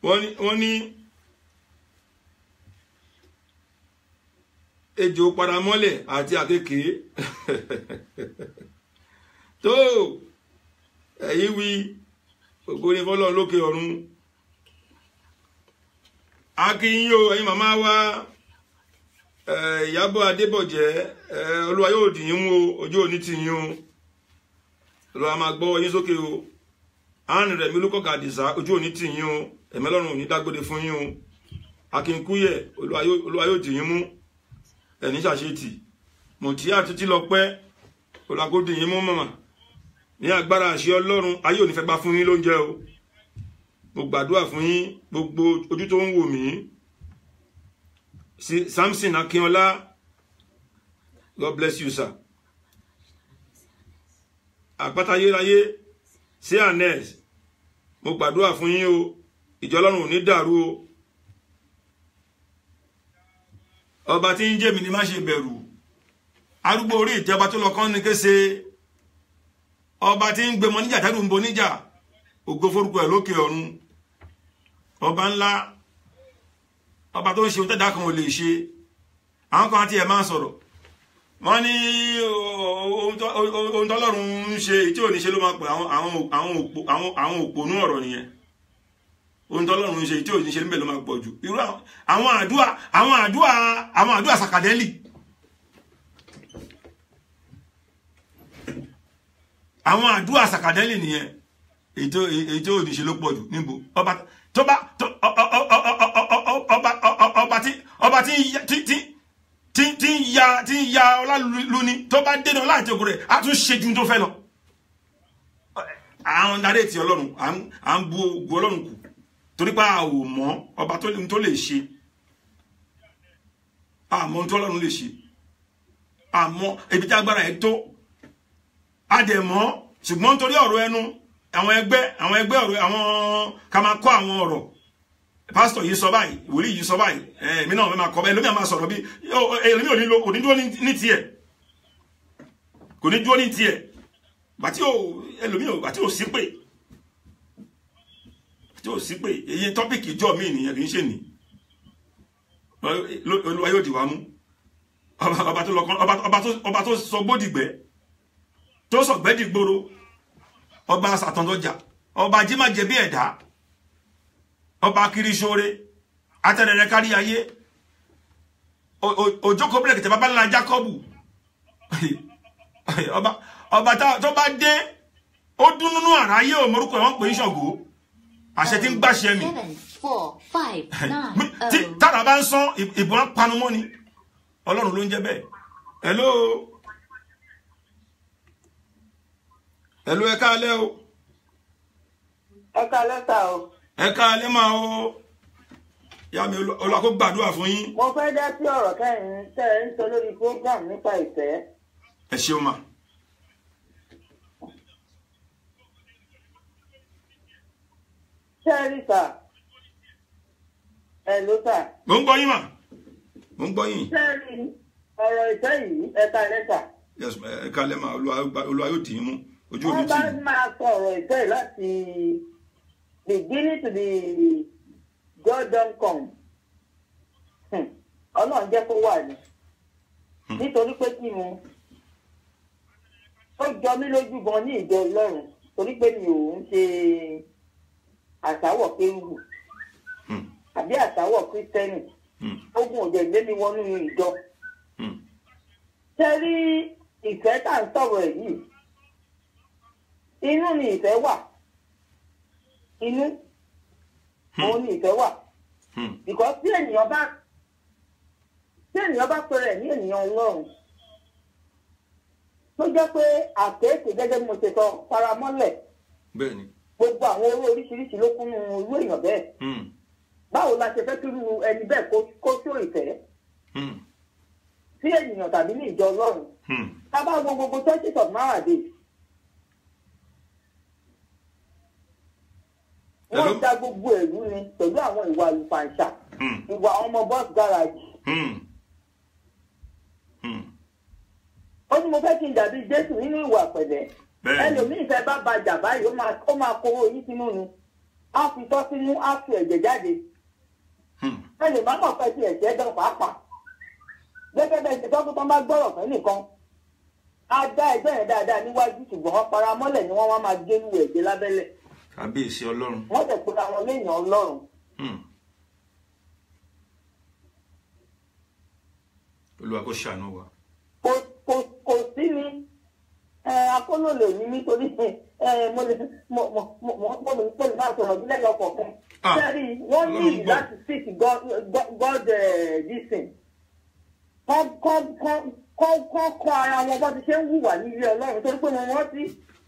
wọ́n ní ejò paramọ́lẹ̀ àti àkekèé (laughs) tó èyí wí gbogbo ní fọ́lọ́ lókè ọ̀run akínyìn o ẹ̀yin màmá wa Ìyábọ̀ Adébọ̀jẹ́ olúwa yóò dìyín mú ojú òní tìyín o lọ́wọ́ máa gbọ́ yín sókè o àárín rẹ̀ mi olúkọ̀ gàdìsá ojú òní tì yín o ẹ̀mí ọlọ́run òní dágbére fún yín o akínkúyẹ̀ olúwa yóò dì yín mú ẹ̀ní ṣàṣetì mọ̀tí àtúntí lọ pẹ́ olùwàgódì yín mú mọ̀mọ́ ní agbára àṣẹ ọlọ́run ayé òní fẹ́ gbà fún yín lóúnjẹ o mo gbàdúrà fún yín gbogbo ojú tó ń wò mí Samson Akínọlá God bless you sir àpáta ayérayé sí anes mo gbàdúrà fún yín o ìjọ ọlọ́run ò ní dàrú o ọba tí ń jẹ́ mi ni má ṣe bẹ̀rù arúgbó orí ìjọba tó lọ kán ní kése ọba tí ń gbẹmọ níjà tẹ́rù ń bo níjà ògo forúkọ ẹ̀ lókè ọ̀run ọba ńlá ọba tó ń ṣe ohun tẹ́dá kan ò lè ṣe àwọn kan àti ẹ̀ máa sọ̀rọ̀ wọ́n ní oh, ohun tọ́lọ́run ń ṣe tí ò ní ṣe ló máa pè àwọn òpònú ọ̀rọ̀ nìyẹn ohun tọ́lọ́run ń ṣe tí ò ní ṣe níbẹ̀ ló máa pọ̀ jù irú àwọn àdúà àwọn àdúà àwọn àdúà sàkàdẹ́lì àwọn àdúà sàkàdẹ́lì nìyẹn èyí tí ò ní ṣe ló pọ̀ jù níbo ọba tó bá ya tí ń ya ọlálùlù ni tó bá dé náà láti ogun rẹ̀ á tún ṣe ju tó fẹ́ lọ. àwọn darí ètì ọlọ́run à ń bu ogun ọlọ́run kù torí pé a ò mọ ọba tó lè ṣe àmọ́ tó ọlọ́run lè ṣe àmọ́ ebi tí agbára ẹ̀ tó adẹ̀mọ́ ṣùgbọ́n torí ọ̀rọ̀ ẹnu àwọn ẹgbẹ́ àwọn ẹgbẹ́ ọ̀rọ̀ àwọn ká kọ́ àwọn ọ̀rọ̀ pásítọ̀ yìí sọ báyìí wòlíì yìí sọ báyìí eh, èmi náà mi máa kọ́ ẹlòmíà máa sọ̀rọ̀ bí èmi eh, ò ní lo kò ní dúró ní tiẹ̀ kò ní dúró ní tiẹ̀ bàtí ò ẹlòmíà bàtí ò sí pé bàtí ò sí pé èyí tọ́pìkì ìjọ mi nìyẹn kì í ṣe nì olúwa yóò dìwà mú ọba tó sọ gbódìgbẹ́ tó sọ gbẹ́dìgboro ọba sàtọ̀ndọ̀jà ọba jímàjẹ bí ẹ̀dá ọba kiri ṣoore atẹrẹrẹ kárí ayé òjókòó bílẹ̀ kìtẹ̀ bàbá ńlá Jákọ́bù ọba tó bá dé ó dún nínú àráyé òmorúkọ ẹ̀ wọ́n pè é Ṣàngó àṣẹ tí ń gbàṣẹ mi oh. tára bá ń sán ìbọn panumọ́ ni Ọlọ́run ló ń jẹ́ bẹ́ẹ̀ hello hello ẹ káalẹ́ o ẹ káalẹ́ ta o ẹ ká alẹ́ máa o yá mi olúwa kó gbàdúrà fún yín. mo fẹ́ dá sí ọ̀rọ̀ kẹ́yìn tẹ́ ẹ ń sọ lórí program nípa ìfẹ́. ẹ ṣeun ma. ṣé ẹ rí sà ẹ ló sà. mo ń gbọ́ yín mà mo ń gbọ́ yín. ṣé ẹ rí ọ̀rọ̀ ìfẹ́ yìí ẹ̀ka lẹ́tà. ẹ̀ka lẹ́mà olúwa yóò dì í mú ojú òbí tì í. wọ́n bá máa sọ ọ̀rọ̀ ìfẹ́ láti. They give to the God don't come. Hmm. Ọlọ́run jẹ́ kó wà ní. Hmm. Nítorí pé kí ni ó jọ mí lójú gan ní ìjọ Ọlọ́run torí pé mi ò ń ṣe àsáwọ̀ kéwù hmm. àbí àsáwọ̀ kírísítẹ́nì ogun òjò ìgbé mi wọnú ìjọ. Ṣé rí ìfẹ́ tá à ń sọ̀rọ̀ yìí? Inú ni ìfẹ́ wà ilé hmm. òun ni ìfẹ́ wà hmm. because tí ènìyàn bá tí ènìyàn bá pẹ̀rẹ̀ ní ènìyàn ọlọ́run tó jẹ́ pé àkéèké gẹ́gẹ́ bí mo ṣe sọ faramọ́lẹ̀ gbogbo àwọn owó oríṣiríṣi ló kún un irú èèyàn bẹ́ẹ̀ hmm. báwo la ṣe fẹ́ kírú ẹni bẹ́ẹ̀ kó tó ìfẹ́ sí ènìyàn tàbí ní ìjọ ọlọ́run tá a bá wo gbogbo churches of marriage wọ́n da gbogbo ẹ̀rú ni pẹ̀lú àwọn ìwà àlùfàǹṣà hmm. ìwà ọmọ bus garage. Hmm. Hmm. ó ní mo fẹ́ kí n dàbí jésù nínú ìwà pẹ̀lẹ́ ẹlòmíì fẹ́ bá bàjà báyìí ó máa kówó yín sínú ni á fi tọ́ sínú á fi ẹ̀jẹ̀ jáde ẹlòmíì má kàn fẹ́ ti ẹ̀jẹ̀ dán pàápàá gẹ́gẹ́ bẹ́ẹ̀ ṣe tọ́kùtọ́ bá gbọ́rọ̀ fẹ́ nìkan á dá ẹgbẹ́ yẹn dáadáa níwájú ṣùgbọ́n paramọ́lẹ̀ ni wọ́n wá máa gbé nínú ẹ̀jẹ̀ lábẹ́lẹ̀ kábíyèsí ọlọ́run. wọ́n jẹ́ pé àwọn léèyàn ọlọ́run. olúwa kò ṣàánú wa. kò kò kò sí mi akọ́lọ́ lè ní nítorí mo lè mo mo mo mo lè bá sọ̀rọ̀ sílẹ̀ lọ́kọ̀ kan. sẹ́rí wọ́n ní ìlú láti speak God God this thing. kọ́ kọ́ kọ́ kọ́ kọ́ ara wọn bá ti ṣe ń hùwà nílé ọlọ́run torí pé mo rántí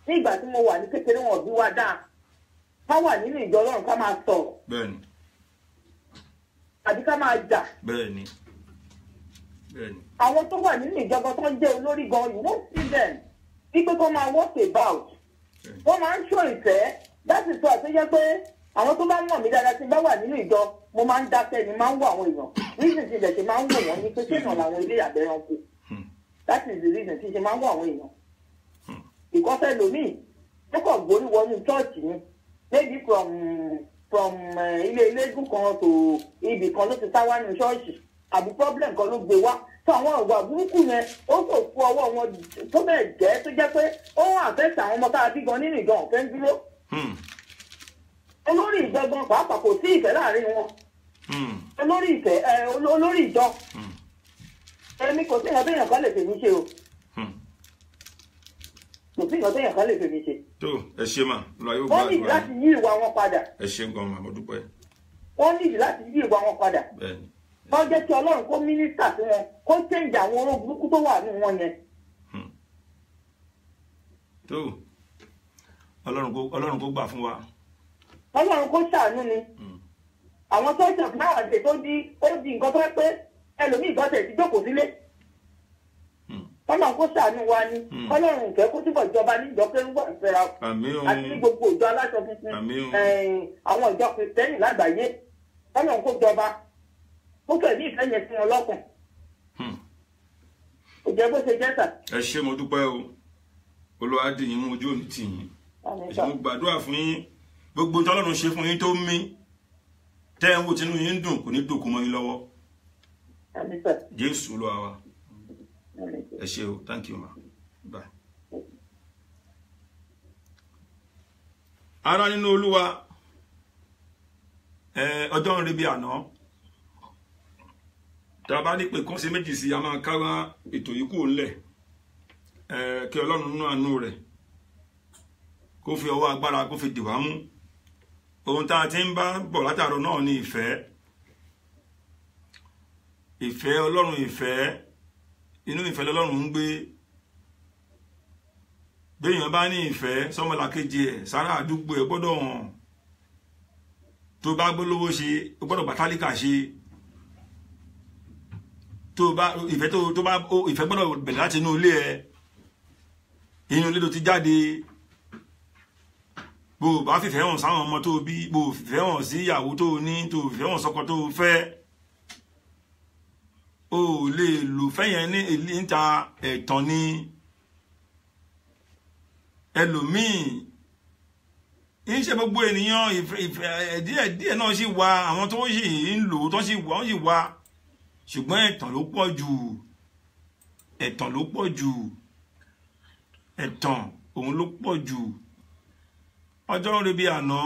ní ìgbà tí mo wà ní kékeré wọn bí wá dáa wọ́n wà nínú ìjọ ọlọ́run ká máa sọ̀rọ̀. bẹ́ẹ̀ni. àbí ká máa jà. bẹ́ẹ̀ni. bẹ́ẹ̀ni. àwọn tó wà nínú ìjọba tó ń jẹ́ olórí gan you won't see them wípé kó máa work about. wọ́n máa ń ṣó ìfẹ́ láti sọ àtẹ́jẹ́ pé àwọn tó bá mọ̀ mí dáadáa ti bá wà nínú ìjọ mo máa ń dákẹ́ ni máa ń wọ àwọn èèyàn reason ti dẹ̀ ti máa ń wò wọ́n ní pé kéèyàn làwọn ilé àbẹ̀rẹ̀ kù hmm. that is the reason ti ṣe máa ń wọ àwọn èèyàn. ìkọ́fẹ́ lomi ó kàn gbórí wọnú chọ́ọ̀chì ni maybe from from eh, ilé eléégún kan to, ibì kan ló ti sá wá ní ṣọ́ọ̀ṣì àbí problem kan ló gbé wá tó àwọn ìwà burúkú yẹn ó kò fún ọwọ́ wọn tó bẹ́ẹ̀ jẹ́ tó jẹ́ pé ó àfẹ́sẹ̀ àwọn ọmọ tá a bí gan nínú ìgbọ̀n ọ̀fẹ́ ń dúró hmm. olórí ìgbẹ́gbọ́n pàápàá kò sí ìfẹ́ láàrin wọn hmm. olórí ìfẹ́ eh, olórí ìjọ hmm. èmi kò sí ìyàbẹ̀yàn kan lè tèmi ṣe o kò sí nǹkan téèyàn kan lè fèmí ṣe. tó ẹ ṣe mà lọ yóò gbà wá. wọ́n nídìí láti yí ìwà wọn padà. ẹ ṣe gan ma mo dúpẹ́. wọ́n nídìí láti yí ìwà wọn padà. bẹ́ẹ̀ni. wọ́n kí ọlọ́run kó mínísítà fún wọn kó ṣèǹjì àwọn oró tó wà nínú wọn yẹn. Hmm. tó ọlọ́run kó gbà fún wa. ọlọ́run kó ṣàánú ni. Hmm. àwọn tó ṣàkóso àwọn àṣẹ tó di nǹkan tó pẹ́ ẹlòmíì gbọ́dọ̀ ti jókòó sílé kọ́lọ́run kó ṣàánú wa ni kọ́lọ́run hmm. ìkẹ́ kó túbọ̀ jọba ní ìjọ kérúbọ̀ ìfẹ́ra àti gbogbo ìjọ aláṣọ tuntun eh, àwọn ìjọ kìrìtẹ́nì lágbàáyé kọ́lọ́run kó jọba kó kẹ̀mí ìfẹ́ yẹn sí wọn lọ́kàn hmm. bó ṣe jẹ́ sà. ẹ ṣé mo dúpẹ́ o Olúwa mú ojú òní tì yín mo gbàdúrà fún yín gbogbo tọ́lọ́run ṣe fún yín tó mí tẹ́ ẹ̀ ń wò tínú yín dùn kò ní dòkú mọ́ yín lọ́wọ́ Jésù Olúwa wa. ẹ thank you bye. ara nínú olúwa ọjọ́ ń rí àná tá a bá ní pé kọ́sí méjì sí a máa kára ètò yìí kúrò ńlẹ̀ kí ọlọ́run àánú rẹ̀ kó fi ọwọ́ agbára kó fi dìwà mú ohun tá a ti ń bá bọ̀ látàrọ náà ni ìfẹ́ ìfẹ́ inú ìfẹ́ lọ́lọ́run ń gbé béèyàn bá ní ìfẹ́ sọmọlàkejì ẹ̀ sára àdúgbò ẹ̀ gbọ́dọ̀ hàn tó bá gbólówó ṣe o gbọ́dọ̀ bá tálíkà ṣe tó bá ìfẹ́ tó bá ìfẹ́ gbọ́dọ̀ bẹ̀rẹ̀ láti inú ilé ẹ̀ inú ilé tó ti jáde bó o bá fìfẹ́ hàn sáwọn ọmọ tó bí bó o fìfẹ́ hàn sí ìyàwó tó ní tó o fìfẹ́ hàn sọ́kọ tó fẹ́ o ò lè lò fẹ́yẹn ní níta ẹ̀tàn ni ẹlòmíì ń ṣe gbogbo ènìyàn díẹ̀ díẹ̀ náà sì wà àwọn tó sì ń lò tó sì wà ó sì wà ṣùgbọ́n ẹ̀tàn ló pọ̀ jù ẹ̀tàn ló pọ̀ jù ẹ̀tàn òun ló pọ̀ jù ọjọ́ ń rebi àná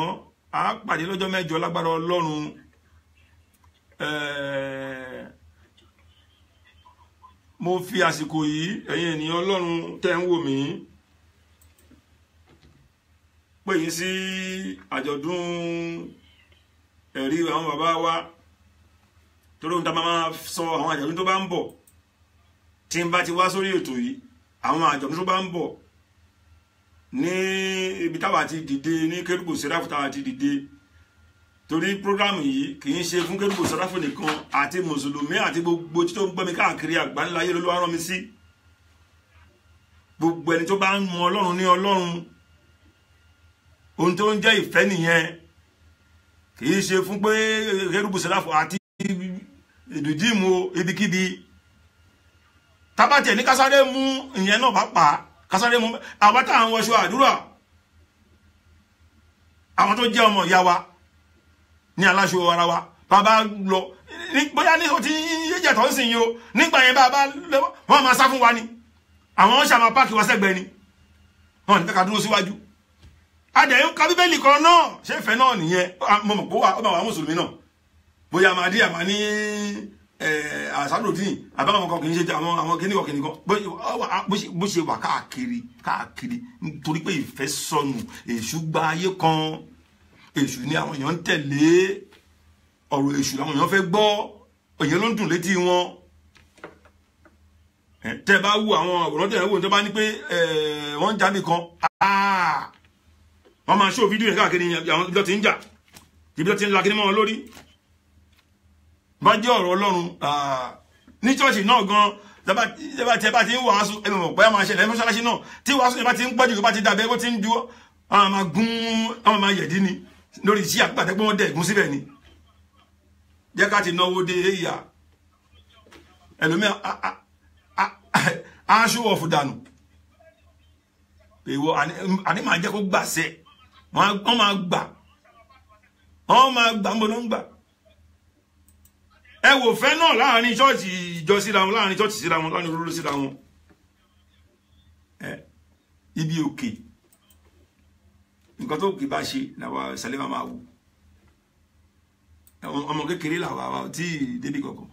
a pàdé lọ́jọ́ mẹ́jọ lágbára ọlọ́run ẹ̀ẹ́ mo fi àsìkò yìí ẹ̀yin ènìyàn ọlọ́run tẹ́ ń wò mí pè yín sí àjọ̀dún ẹ̀rí àwọn bàbá wa torí ohun tá a máa sọ àwọn àjọ̀dún tó bá ń bọ̀ tí n bá ti wá sórí ètò yìí àwọn àjọ̀dún tó bá ń bọ̀ ní ibi táwa ti dìde ní kérúkù sẹ́ráfù táwa ti dìde torí programu yìí kì í ṣe fún kérúbù sáráfù nìkan àti mùsùlùmí àti gbogbo tí tó ń gbọ́ mi káàkiri àgbáńlá ayé lólúwa rán mi sí gbogbo ẹni tó bá ń mọ ọlọ́run ní ọlọ́run ohun tó ń jẹ́ ìfẹ́ nìyẹn kì í ṣe fún pé kérúbù sáráfù àti ìdùdíìmù ibikíbi tábàtẹ̀ ní kásáré mú ìyẹn náà bá pa kásáré mú àwọn táwọn wọṣọ àdúrà àwọn tó jẹ́ ọmọ ìyá wa ní aláṣọ ara wa bàbá lọ bóyá ní o ti yéjẹ tó ń sìn yìí o nígbà yẹn bàbá wọn máa sá fún wa ni àwọn ṣàmà páàkì wa sẹ́gbẹ̀ẹ́ ni wọn ní kàkà dúró síwájú adẹ̀yìn ka bíbélì kan náà ṣé ìfẹ́ náà nìyẹn mo mọ̀ pé ó máa wà mùsùlùmí náà bóyá àmàdí àmà ní àṣàlòdì àbáwọn kan kì í ṣe àwọn àwọn kìnìkan kìnìkan bó ṣe wà káàkiri káàkiri nítorí pé ìfẹ́ sọnù èṣù gba ayé kan èṣù ni àwọn èèyàn ń tẹ̀lé ọ̀rọ̀ èṣù làwọn èèyàn fẹ́ gbọ́ èèyàn ló ń dùn létí wọn tẹ bá wo àwọn àwòrán tẹ wo tó bá ní pé wọ́n ń jà nìkan ah! wọ́n máa ṣó fídíò yẹn káàkiri àwọn ibi tó ti ń jà ibi tó ti ń la kíní mọ́ wọn lórí bá jẹ́ ọ̀rọ̀ Ọlọ́run ah, ní ṣọ́ọ̀ṣì náà gan-an tẹ́bá tẹ́bá ti ń wàásù ẹ̀mí mọ̀ pé a máa ṣẹlẹ̀ mọ́ṣáláṣí náà tí wàásù yẹn bá ti ń pọ̀jù bá ti dàbẹ́ bó ti ń ju àwọn máa gún àwọn máa yẹ̀dí ni lórí iṣẹ́ àgbàdẹ pé wọn dẹ ìgún síbẹ̀ ni jẹ ká ti náwó dé èyà ẹlòmíà aṣọ ọfù dànù èèwọ̀ àní máa jẹ kó gbàṣẹ wọn máa gbà wọn máa gbà ń bọ ló ń gbà ẹ wò fẹ́ náà láàrin ṣọ́ọ̀ṣì ìjọ síra wọn láàrin ṣọ́ọ̀ṣì síra wọn láàrin olóró síra wọn ibi òkè. Okay nǹkan tó kì bá ṣe làwa ìsàlẹ̀ máa wò ọmọ kékeré làwa àwa tí débi kankan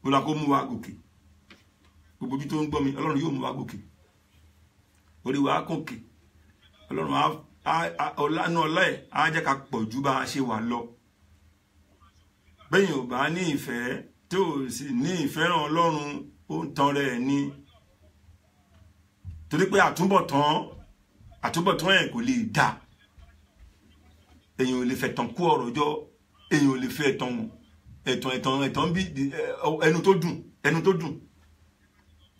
mo là mú wa gòkè gbogbo ibi tó ń gbọ́ mi ọlọ́run yóò mú wa gòkè orí wa kòkè ọlọ́run ọlánú ọlá ẹ̀ á jẹ́ ká pọ̀ ju bá a ṣe wà lọ bẹ́yìn ò bá ní ìfẹ́ tí ò sì ní ìfẹ́ràn ọlọ́run ó ń tan rẹ̀ ni torí pé àtúbọ̀tán àtúbọ̀tán yẹn kò lè dà èyàn ò lè fẹ́ tán kú ọ̀rọ̀ jọ èyàn ò lè fẹ́ tán ẹ̀tàn ẹ̀tàn ẹ̀tàn bí ẹnu tó dùn ẹnu tó dùn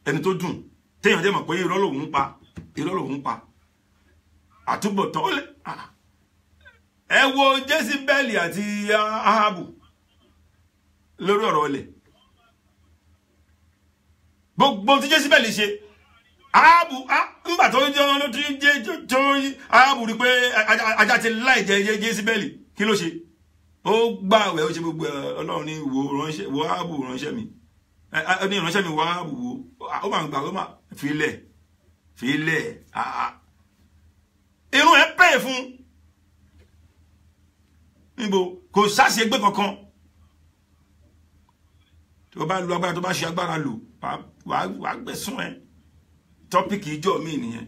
ẹnu tó dùn téèyàn jẹ́ mọ̀ pé irọ́ lòun pa irọ́ lòun pa àtúbọ̀tán ó lè ẹ wo jésìbẹ́ẹ̀lì àti ahabu lórí ọ̀rọ̀ ilẹ̀ gbogbo tí jésìbẹ́ẹ̀lì ṣe ààbù ńgbà tó jẹ́ ló ti jẹ́ tó ààbù rí pé ajá ti láì jẹ́ jésìbẹ́lì kí ló ṣe ó gbà wẹ̀ ó ṣe gbogbo ọlọ́run ní wo ránṣẹ́ wo ààbù ránṣẹ́ mi ó ní ránṣẹ́ mi wo ààbù wo ó máa ń gbà ó máa filẹ̀ filẹ̀ irun ẹ̀ pè fún níbo kò sáṣegbé kankan tó bá lu agbára tó bá ṣe agbára lò wàá gbẹ̀sùn ẹ̀. Topic ìjọ mi nìyẹn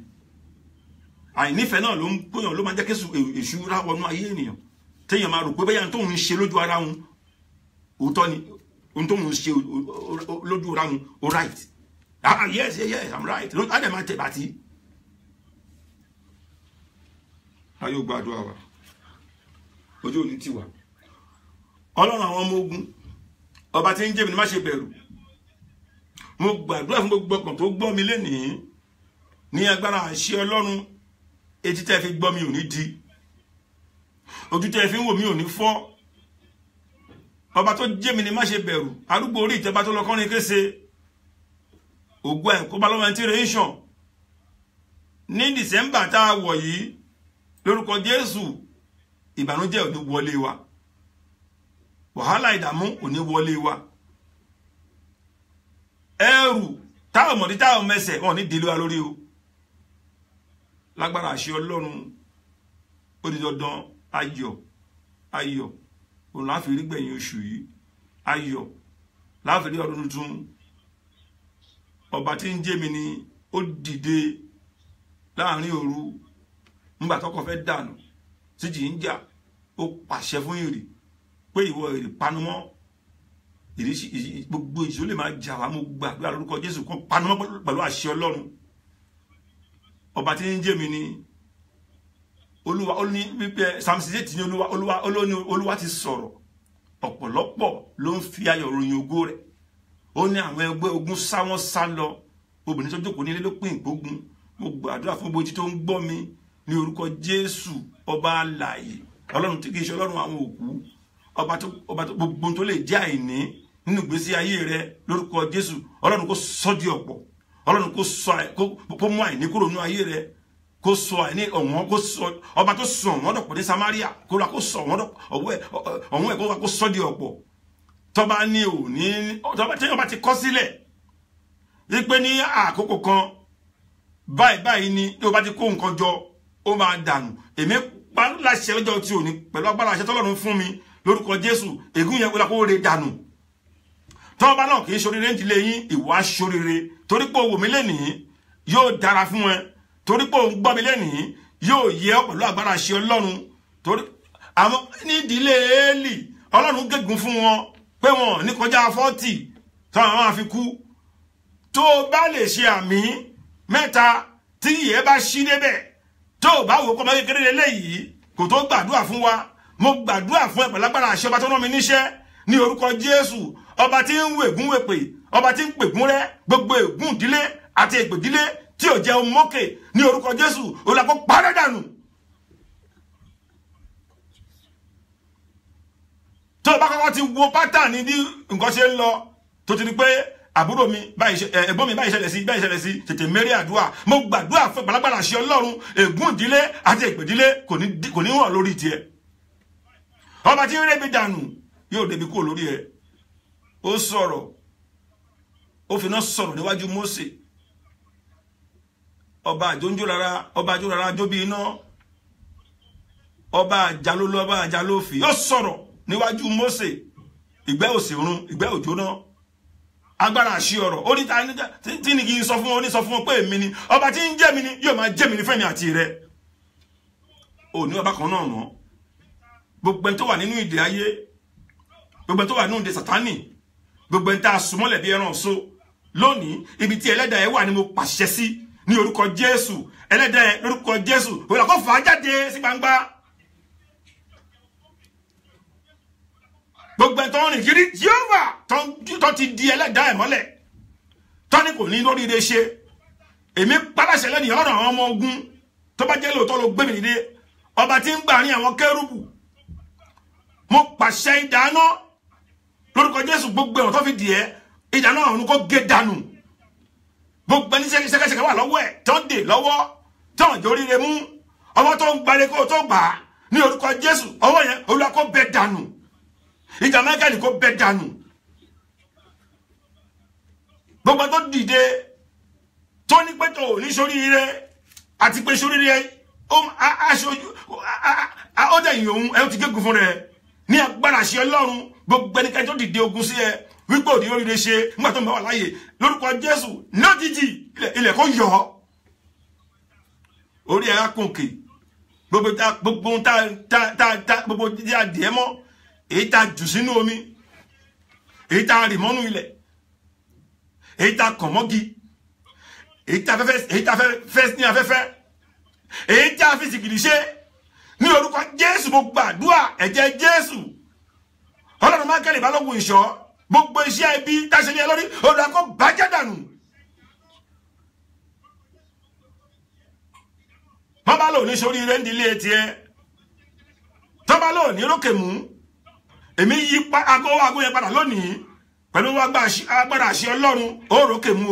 àìnífẹ̀ẹ́ náà ló ń gbóyàn ló máa jẹ́ kéṣù èṣù rá wọnú ayé ènìyàn téèyàn máa rò pé bẹ́yà tóun ń ṣe lójú ara wọn òótọ́ ni ohun tóun ń ṣe lójú ara wọn o right ah, ah yes yes yes i'm right lójú adẹ̀ máa tẹ̀ bàtí. ayé ó gbàdúrà wa ojú òní ti wà ọlọ́run àwọn ọmọ ogun ọba tí ń jẹ́ mi ni má ṣe bẹ̀rù mo gbàdúrà fún gbogbo ọkàn tó gbọ́ mi lénìí ní agbára àṣẹ ọlọ́run etí tẹ́ fi gbọ́ mi ò ní di ojú tẹ́ fi ń wò mí ò ní fọ́ ọba tó jẹ́ mi ni má ṣe bẹ̀rù arúgbó orí ìtẹ́bá tó lọ́kọ́rin kése ògùn àìkóbá lọ́wọ́ ẹni tí rẹ̀ ń sàn ní dìsẹ́mbà tá a wọ̀ yìí lórúkọ jésù ìbànújẹ́ ò ní wọlé wa wàhálà ìdààmú ò wọlé wa ẹrù táwọn mọ̀dí táwọn mẹsẹ̀ wọn ò ní délé lórí o lágbára àṣẹ ọlọ́run ó di dandan ayọ̀ ayọ̀ òun láfi rí gbẹ̀yìn oṣù yìí ayọ̀ láfi rí ọdún tuntun ọba tí ń jẹ́ mi ni ó dìde láàrin òru nígbà tọkọ fẹ́ dànù tí jì ń jà ó pàṣẹ fún ìrì pé ìwọ ìrì panumọ́ ìrì gbogbo ìṣó lè máa jà wá mo gbàdúrà lórúkọ Jésù kan panumọ́ pẹ̀lú àṣẹ ọlọ́run ọba tí ń jẹ́ mi ni olúwa ó ní wípé samsidéètì ní olúwa olúwa olóní olúwa ti sọ̀rọ̀ ọ̀pọ̀lọpọ̀ ló ń fi ayọ̀ ròyìn ògo rẹ̀ ó ní àwọn ẹgbẹ́ ogun sá wọ́n sá lọ obìnrin tó jókòó nílé ló pín ìgbógun mo gbàdúrà fún gbogbo etí tó ń gbọ́ mi ní orúkọ jésù ọba alààyè ọlọ́run tí kì í ṣe ọlọ́run àwọn òkú ọba tó ọba tó gbogbo tó lè jẹ́ àìní nínú ìgbésí ayé rẹ lórúkọ jésù ọlọ́run kò sọ́ di ọ̀pọ̀ ọlọ́run kó sọ kó mú àìní kúrò ní ayé rẹ kó sọ àìní ọ̀wọ́n kó sọ ọba tó sọ ọ̀wọ́n dọ̀pọ̀ ní Samaria kó ra kó sọ ọ̀wọ́n ẹ̀ kó wa kó sọ di ọ̀pọ̀ tọ́ba ní ò ní tọ́ba tẹ́yìn ọba ti kọ́ sílẹ̀ wípé ní àkókò kan báyìí báyìí ni tí o bá ti kó nǹkan jọ ó máa dànù èmi pa láṣẹ lọ́jọ́ tí ò ní pẹ̀lú agbára àṣẹ tọ́lọ́run fún mi lórúkọ Jésù ègún yẹn kó la kó re dànù tọ́ba náà kì í ṣoríire ń dilé yín ìwà ṣoríire torí pé owó mi lénìí yóò dára fún ẹ torí pé òun gbọ́ mi lénìí yóò yẹ ọ pẹ̀lú agbára ṣe ọlọ́run torí àwọn nídìílé éèlì ọlọ́run gégùn fún wọn pé wọn ní kọjá fọ́tì tọ́ àwọn àfi kú tó o bá lè ṣe àmì mẹ́ta tí ìyẹ́ bá ṣí débẹ̀ tó o bá wò kọ́ ọmọ lélẹ́yìí kò tó gbàdúrà fún wa mo gbàdúrà fún ẹ pẹ̀lú agbára àṣẹ ọba tó rán mi níṣẹ́ ní orúkọ jésù ọba tí ń wègún wèpè ọba tí ń pègún rẹ gbogbo ègún ìdílé àti ègbè ìdílé tí ò jẹ́ mọ́kè ní orúkọ jésù olùkọ́ parẹ́ dànù. tó bá kọ́kọ́ ti wo pátánì ní nǹkan ṣe ń lọ tó ti di pé àbúrò mi ẹ̀gbọ́n mi báyìí ṣẹlẹ̀ sí báyìí ṣẹlẹ̀ sí tètè mẹ́rí àdúrà mo gbàdúrà fún ìgbàlagbàlà ṣe ọlọ́run ègún ìdílé àti ègbè ìdílé kò ní wọ̀n lórí tiẹ̀ ọba tí ń rébi dànù yóò débi kúrò lórí ẹ̀ ó sọ̀rọ̀ ó fi náà sọ̀rọ̀ níwájú Mósè ọba àjóńjó rárá ọba àjó rárá jó bí iná ọba àjáló lọ́ba àjáló fi ó sọ̀rọ̀ níwájú Mósè ìgbẹ́ òsè run ìgbẹ́ òjò náà agbára àṣì ọ̀rọ̀ ó ní tí ni kì í sọ fún ọ ní sọ fún ọ pé èmi ni ọba tí ń jẹ́ mi ni yóò máa jẹ́ mi ní fẹ́mi àti rẹ ò ní ọba kan náà mọ́ gbogbo ẹni tó wà nínú ìdè ayé gbogbo ẹni tó wà nínú ìdè sátánì gbogbo ẹni tá a sùn mọ́lẹ̀ bí ẹran so lónìí ibi tí ẹlẹ́dàá ẹ wà ni mo pàṣẹ sí ní orúkọ jésù ẹlẹ́dàá ẹ lórúkọ jésù òun àkọ́ fà á jáde sí gbangba. gbogbo ẹni tó ń rìn kiri jehova tó ti di ẹlẹ́dàá ẹ mọ́lẹ̀ tọ́ni kò ní lóríire ṣe èmi paláṣẹ lẹ́nìí ọ̀rọ̀ àwọn ọmọ ogun tó bá jẹ́ lóòótọ́ ló gbé mi dìde ọba tí ń gbà ní àwọn kérúbù mo pàṣẹ ìdáná lórúkọ jésù gbogbo ẹ̀wọ̀n tó fi dì ẹ́ ìjà náà ọ̀run kó gé dànù gbogbo ẹni ṣẹkẹṣẹkẹ wà lọ́wọ́ ẹ̀ tó ń dè lọ́wọ́ tó ń jó rire mú ọwọ́ tó ń gbare kó tó gbà á ní orúkọ jésù ọwọ́ yẹn olúwa kó bẹ́ dànù ìjà mákàlì kó bẹ́ dànù gbogbo tó dìde tó ní pé tó ní ṣoríire àti pé ṣoríire ó dẹ̀ yòówù ẹ ó ti gégùn fún rẹ̀ ní agbára ṣe ọlọ́run gbogbo ẹnikẹ́ni tó dìde ogun sí ẹ wípé òdi oríire ṣe nígbà tó ń bá wà láàyè lórúkọ jésù lójijì ilẹ̀ kò yọ orí ẹ̀ akùnkè gbogbo ta gbogbo ta ta ta gbogbo tí a dìé mọ́ èyí ta jù sínú omi èyí ta rì mọ́nú ilẹ̀ èyí ta kàn mọ́gi èyí ta fẹ́fẹ́ èyí ta fẹ́ fẹ́ ní afẹ́fẹ́ èyí ta fi sìgìrì ṣe ní orúkọ jésù gbogbo àdúrà ẹ̀jẹ̀ jésù ọlọ́run mákẹ́lì balógun ìṣọ́ gbogbo iṣẹ́ ibi táṣe ní ẹ lórí olùdókòó bàjẹ́ dànù. wọ́n bá lò ní sórí ire ń dilé tiẹ̀ tó bá lò ní rókè mú èmi yí aago aago yẹn padà lónìí pẹ̀lú agbára àṣẹ ọlọ́run ó rókè mú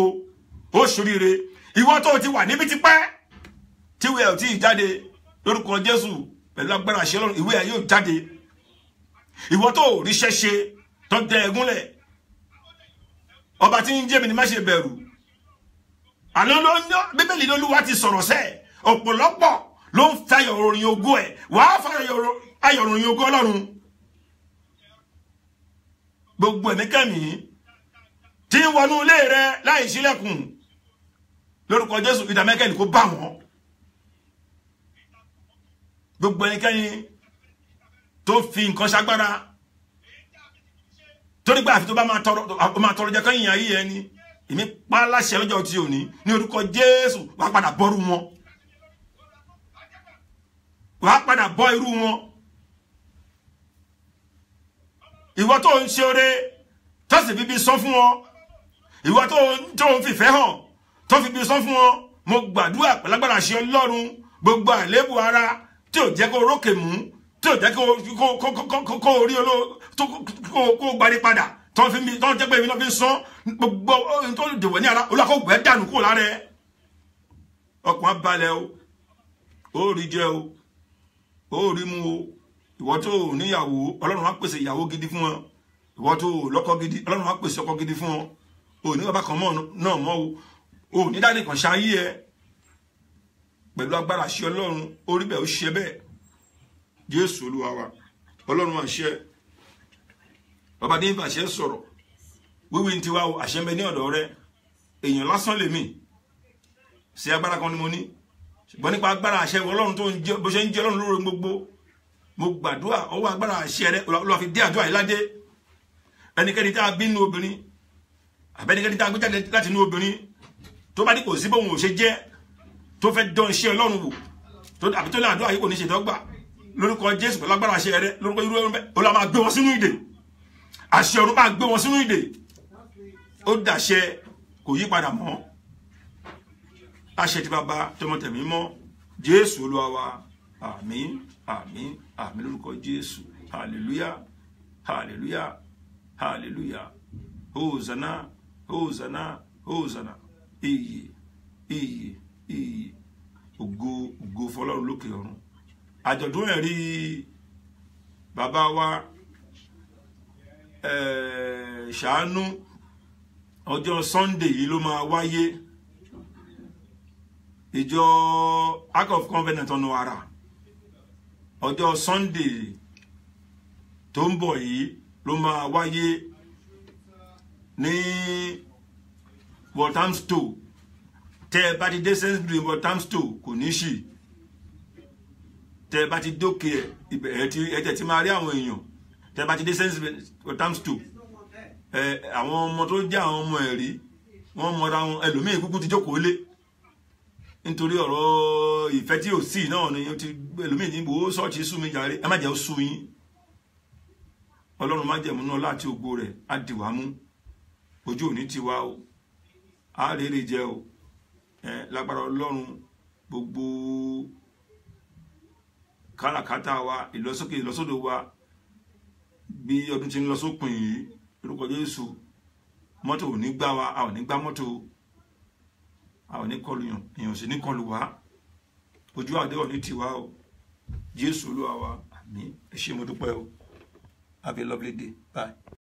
o ó sórí ire ìwọ tó ti wà níbi tipẹ́ tíwẹ̀ ò tí ì jáde lórúkọ jésù pẹ̀lú agbára àṣẹ ọlọ́run ìwé ẹ̀ yóò jáde ìwọ tó ríṣẹ́ ṣe tó tẹ ẹ̀gúnlẹ̀ ọba tí ń jẹ́ mi ni má ṣe bẹ̀rù àná ló ń yọ bíbélì lólúwa ti sọ̀rọ̀ sẹ́ ọ̀pọ̀lọpọ̀ ló ń fayọ̀ ròyìn ògo ẹ̀ wàá fayọ̀ ròyìn ògo ọlọ́run gbogbo ẹ̀míkẹ́mí tí ń wọnú ilé rẹ láì ṣílẹ̀kùn lórúkọ jésù ìdàmẹ́kẹ́lì kó bá wọn gbogbo ẹnikẹ́ni tó fi nǹkan ṣagbára torí pé àfi tó bá máa tọrọ jẹ kẹ́yìn ayé ẹni èmi pa láṣẹ lọ́jọ́ tí ò ní ní orúkọ Jésù wà padà bọ́rú wọn wà padà bọ́ irú wọn ìwọ tó ń ṣe oore tó sì fi bí sọ fún wọn ìwọ tó ń fìfẹ́ hàn tó fi bí sọ fún wọn mo gbàdúrà pẹ̀lágbára ṣe Ọlọ́run gbogbo àléébù ara tí ò jẹ́ kó rókè mú tí ò jẹ́ kó orí olóò kó gbari padà tó fi mi tó jẹ́ pé mi náà fi sán gbogbo ohun tó dìwọ̀ ní ara olùkọ́gbẹ́ dànù kúrò lára ẹ ọkùnrin balẹ̀ o ó rí jẹ o ó rí mu o ìwọ tó o níyàwó ọlọ́run á pèsè ìyàwó gidi fún ọ ìwọ tó o lọ́kọ gidi ọlọ́run á pèsè ọkọ gidi fún ọ o ní bàbá kan náà mọ́ o o ní dáadé kan ṣáyé ẹ pẹ̀lú agbára àṣẹ ọlọ́run orí bẹ́ẹ̀ ó ṣe bẹ́ẹ̀ jésù olúwa wa ọlọ́run àṣẹ bàbá ní ìfàṣẹ sọ̀rọ̀ wíwí ní tiwa àṣẹ mẹ ní ọ̀dọ̀ rẹ èèyàn lásán lèmi ṣe agbára kan ni mo ní ṣùgbọ́n nípa agbára àṣẹ ọlọ́run tó ń jẹ bó ṣe ń jẹ ọlọ́run lóore gbogbo mo gbàdúrà ọwọ́ agbára àṣẹ rẹ olúwa fi dé àdúrà yìí ládé ẹnikẹ́ni tá a bí nínú obìnrin àbẹ́nikẹ́ni tá a gbé jáde láti inú obìnrin tó bá ní kò sí bóun ò ṣe jẹ́ tó fẹ́ dán iṣẹ́ ọlọ́run wò àbí tó ní àdúrà yìí kò ní ṣe dọ́gba lórúkọ jésù pẹ̀lú agbára ṣe rẹ lórúkọ irú ẹrú bẹ́ẹ̀ olùwà máa gbé wọn sínú ìdè àṣẹ ọ̀run máa gbé wọn sínú ìdè ó dàṣẹ kò yí padà mọ́ àṣẹ ti bàbá tọmọtẹ̀mí mọ́ jésù olúwa wa àmín àmín àmín lórúkọ jésù hallelujah hallelujah hallelujah hosanna hosanna hosanna iyì iyì ògo ògo fọlọ́run lókè ọ̀run àjọ̀dún ẹ̀rí bàbá wa ṣàánú ọjọ́ sunday yìí ló máa wáyé ìjọ Act of covenant ọ̀nà àrà ọjọ́ sunday tó ń bọ̀ yìí ló máa wáyé ní Walthamstow tẹ́ ẹ bá ti dé sainsbury wọ tamsto kò ní ṣì tẹ́ ẹ bá ti dókè ẹ ẹ̀tẹ̀ ti máa rí àwọn èèyàn tẹ́ ẹ bá ti dé sainsbury uh, wọ tamsto ẹ àwọn ọmọ tó jẹ́ àwọn ọmọ ẹ̀rí wọ́n mọra wọn ẹlòmíín kúkú ti jókòó lé nítorí ọ̀rọ̀ ìfẹ́ tí ò sí náà ni ẹlòmíín ní gbòó sọ́ọ̀tì sú mi jàre ẹ má jẹ́ sú yín ọlọ́run má jẹ̀mú náà láti ògo rẹ̀ á dìwà mú ojú òní ti wá o á rèrè jẹ o lágbára ọlọ́run gbogbo káràkátà wa ìlọsókè ìlọsódò wa bí ọdún ti ń lọ sópin yìí lórúkọ Jésù mọ́tò ò ní gbá wa a ò ní gbá mọ́tò a ò ní kọlù yàn èèyàn sì ní kọlù wá ojú àdé ò ní tiwa o Jésù Olúwa wa àmín ẹ ṣé mo dúpẹ́ o have a lovely day bye.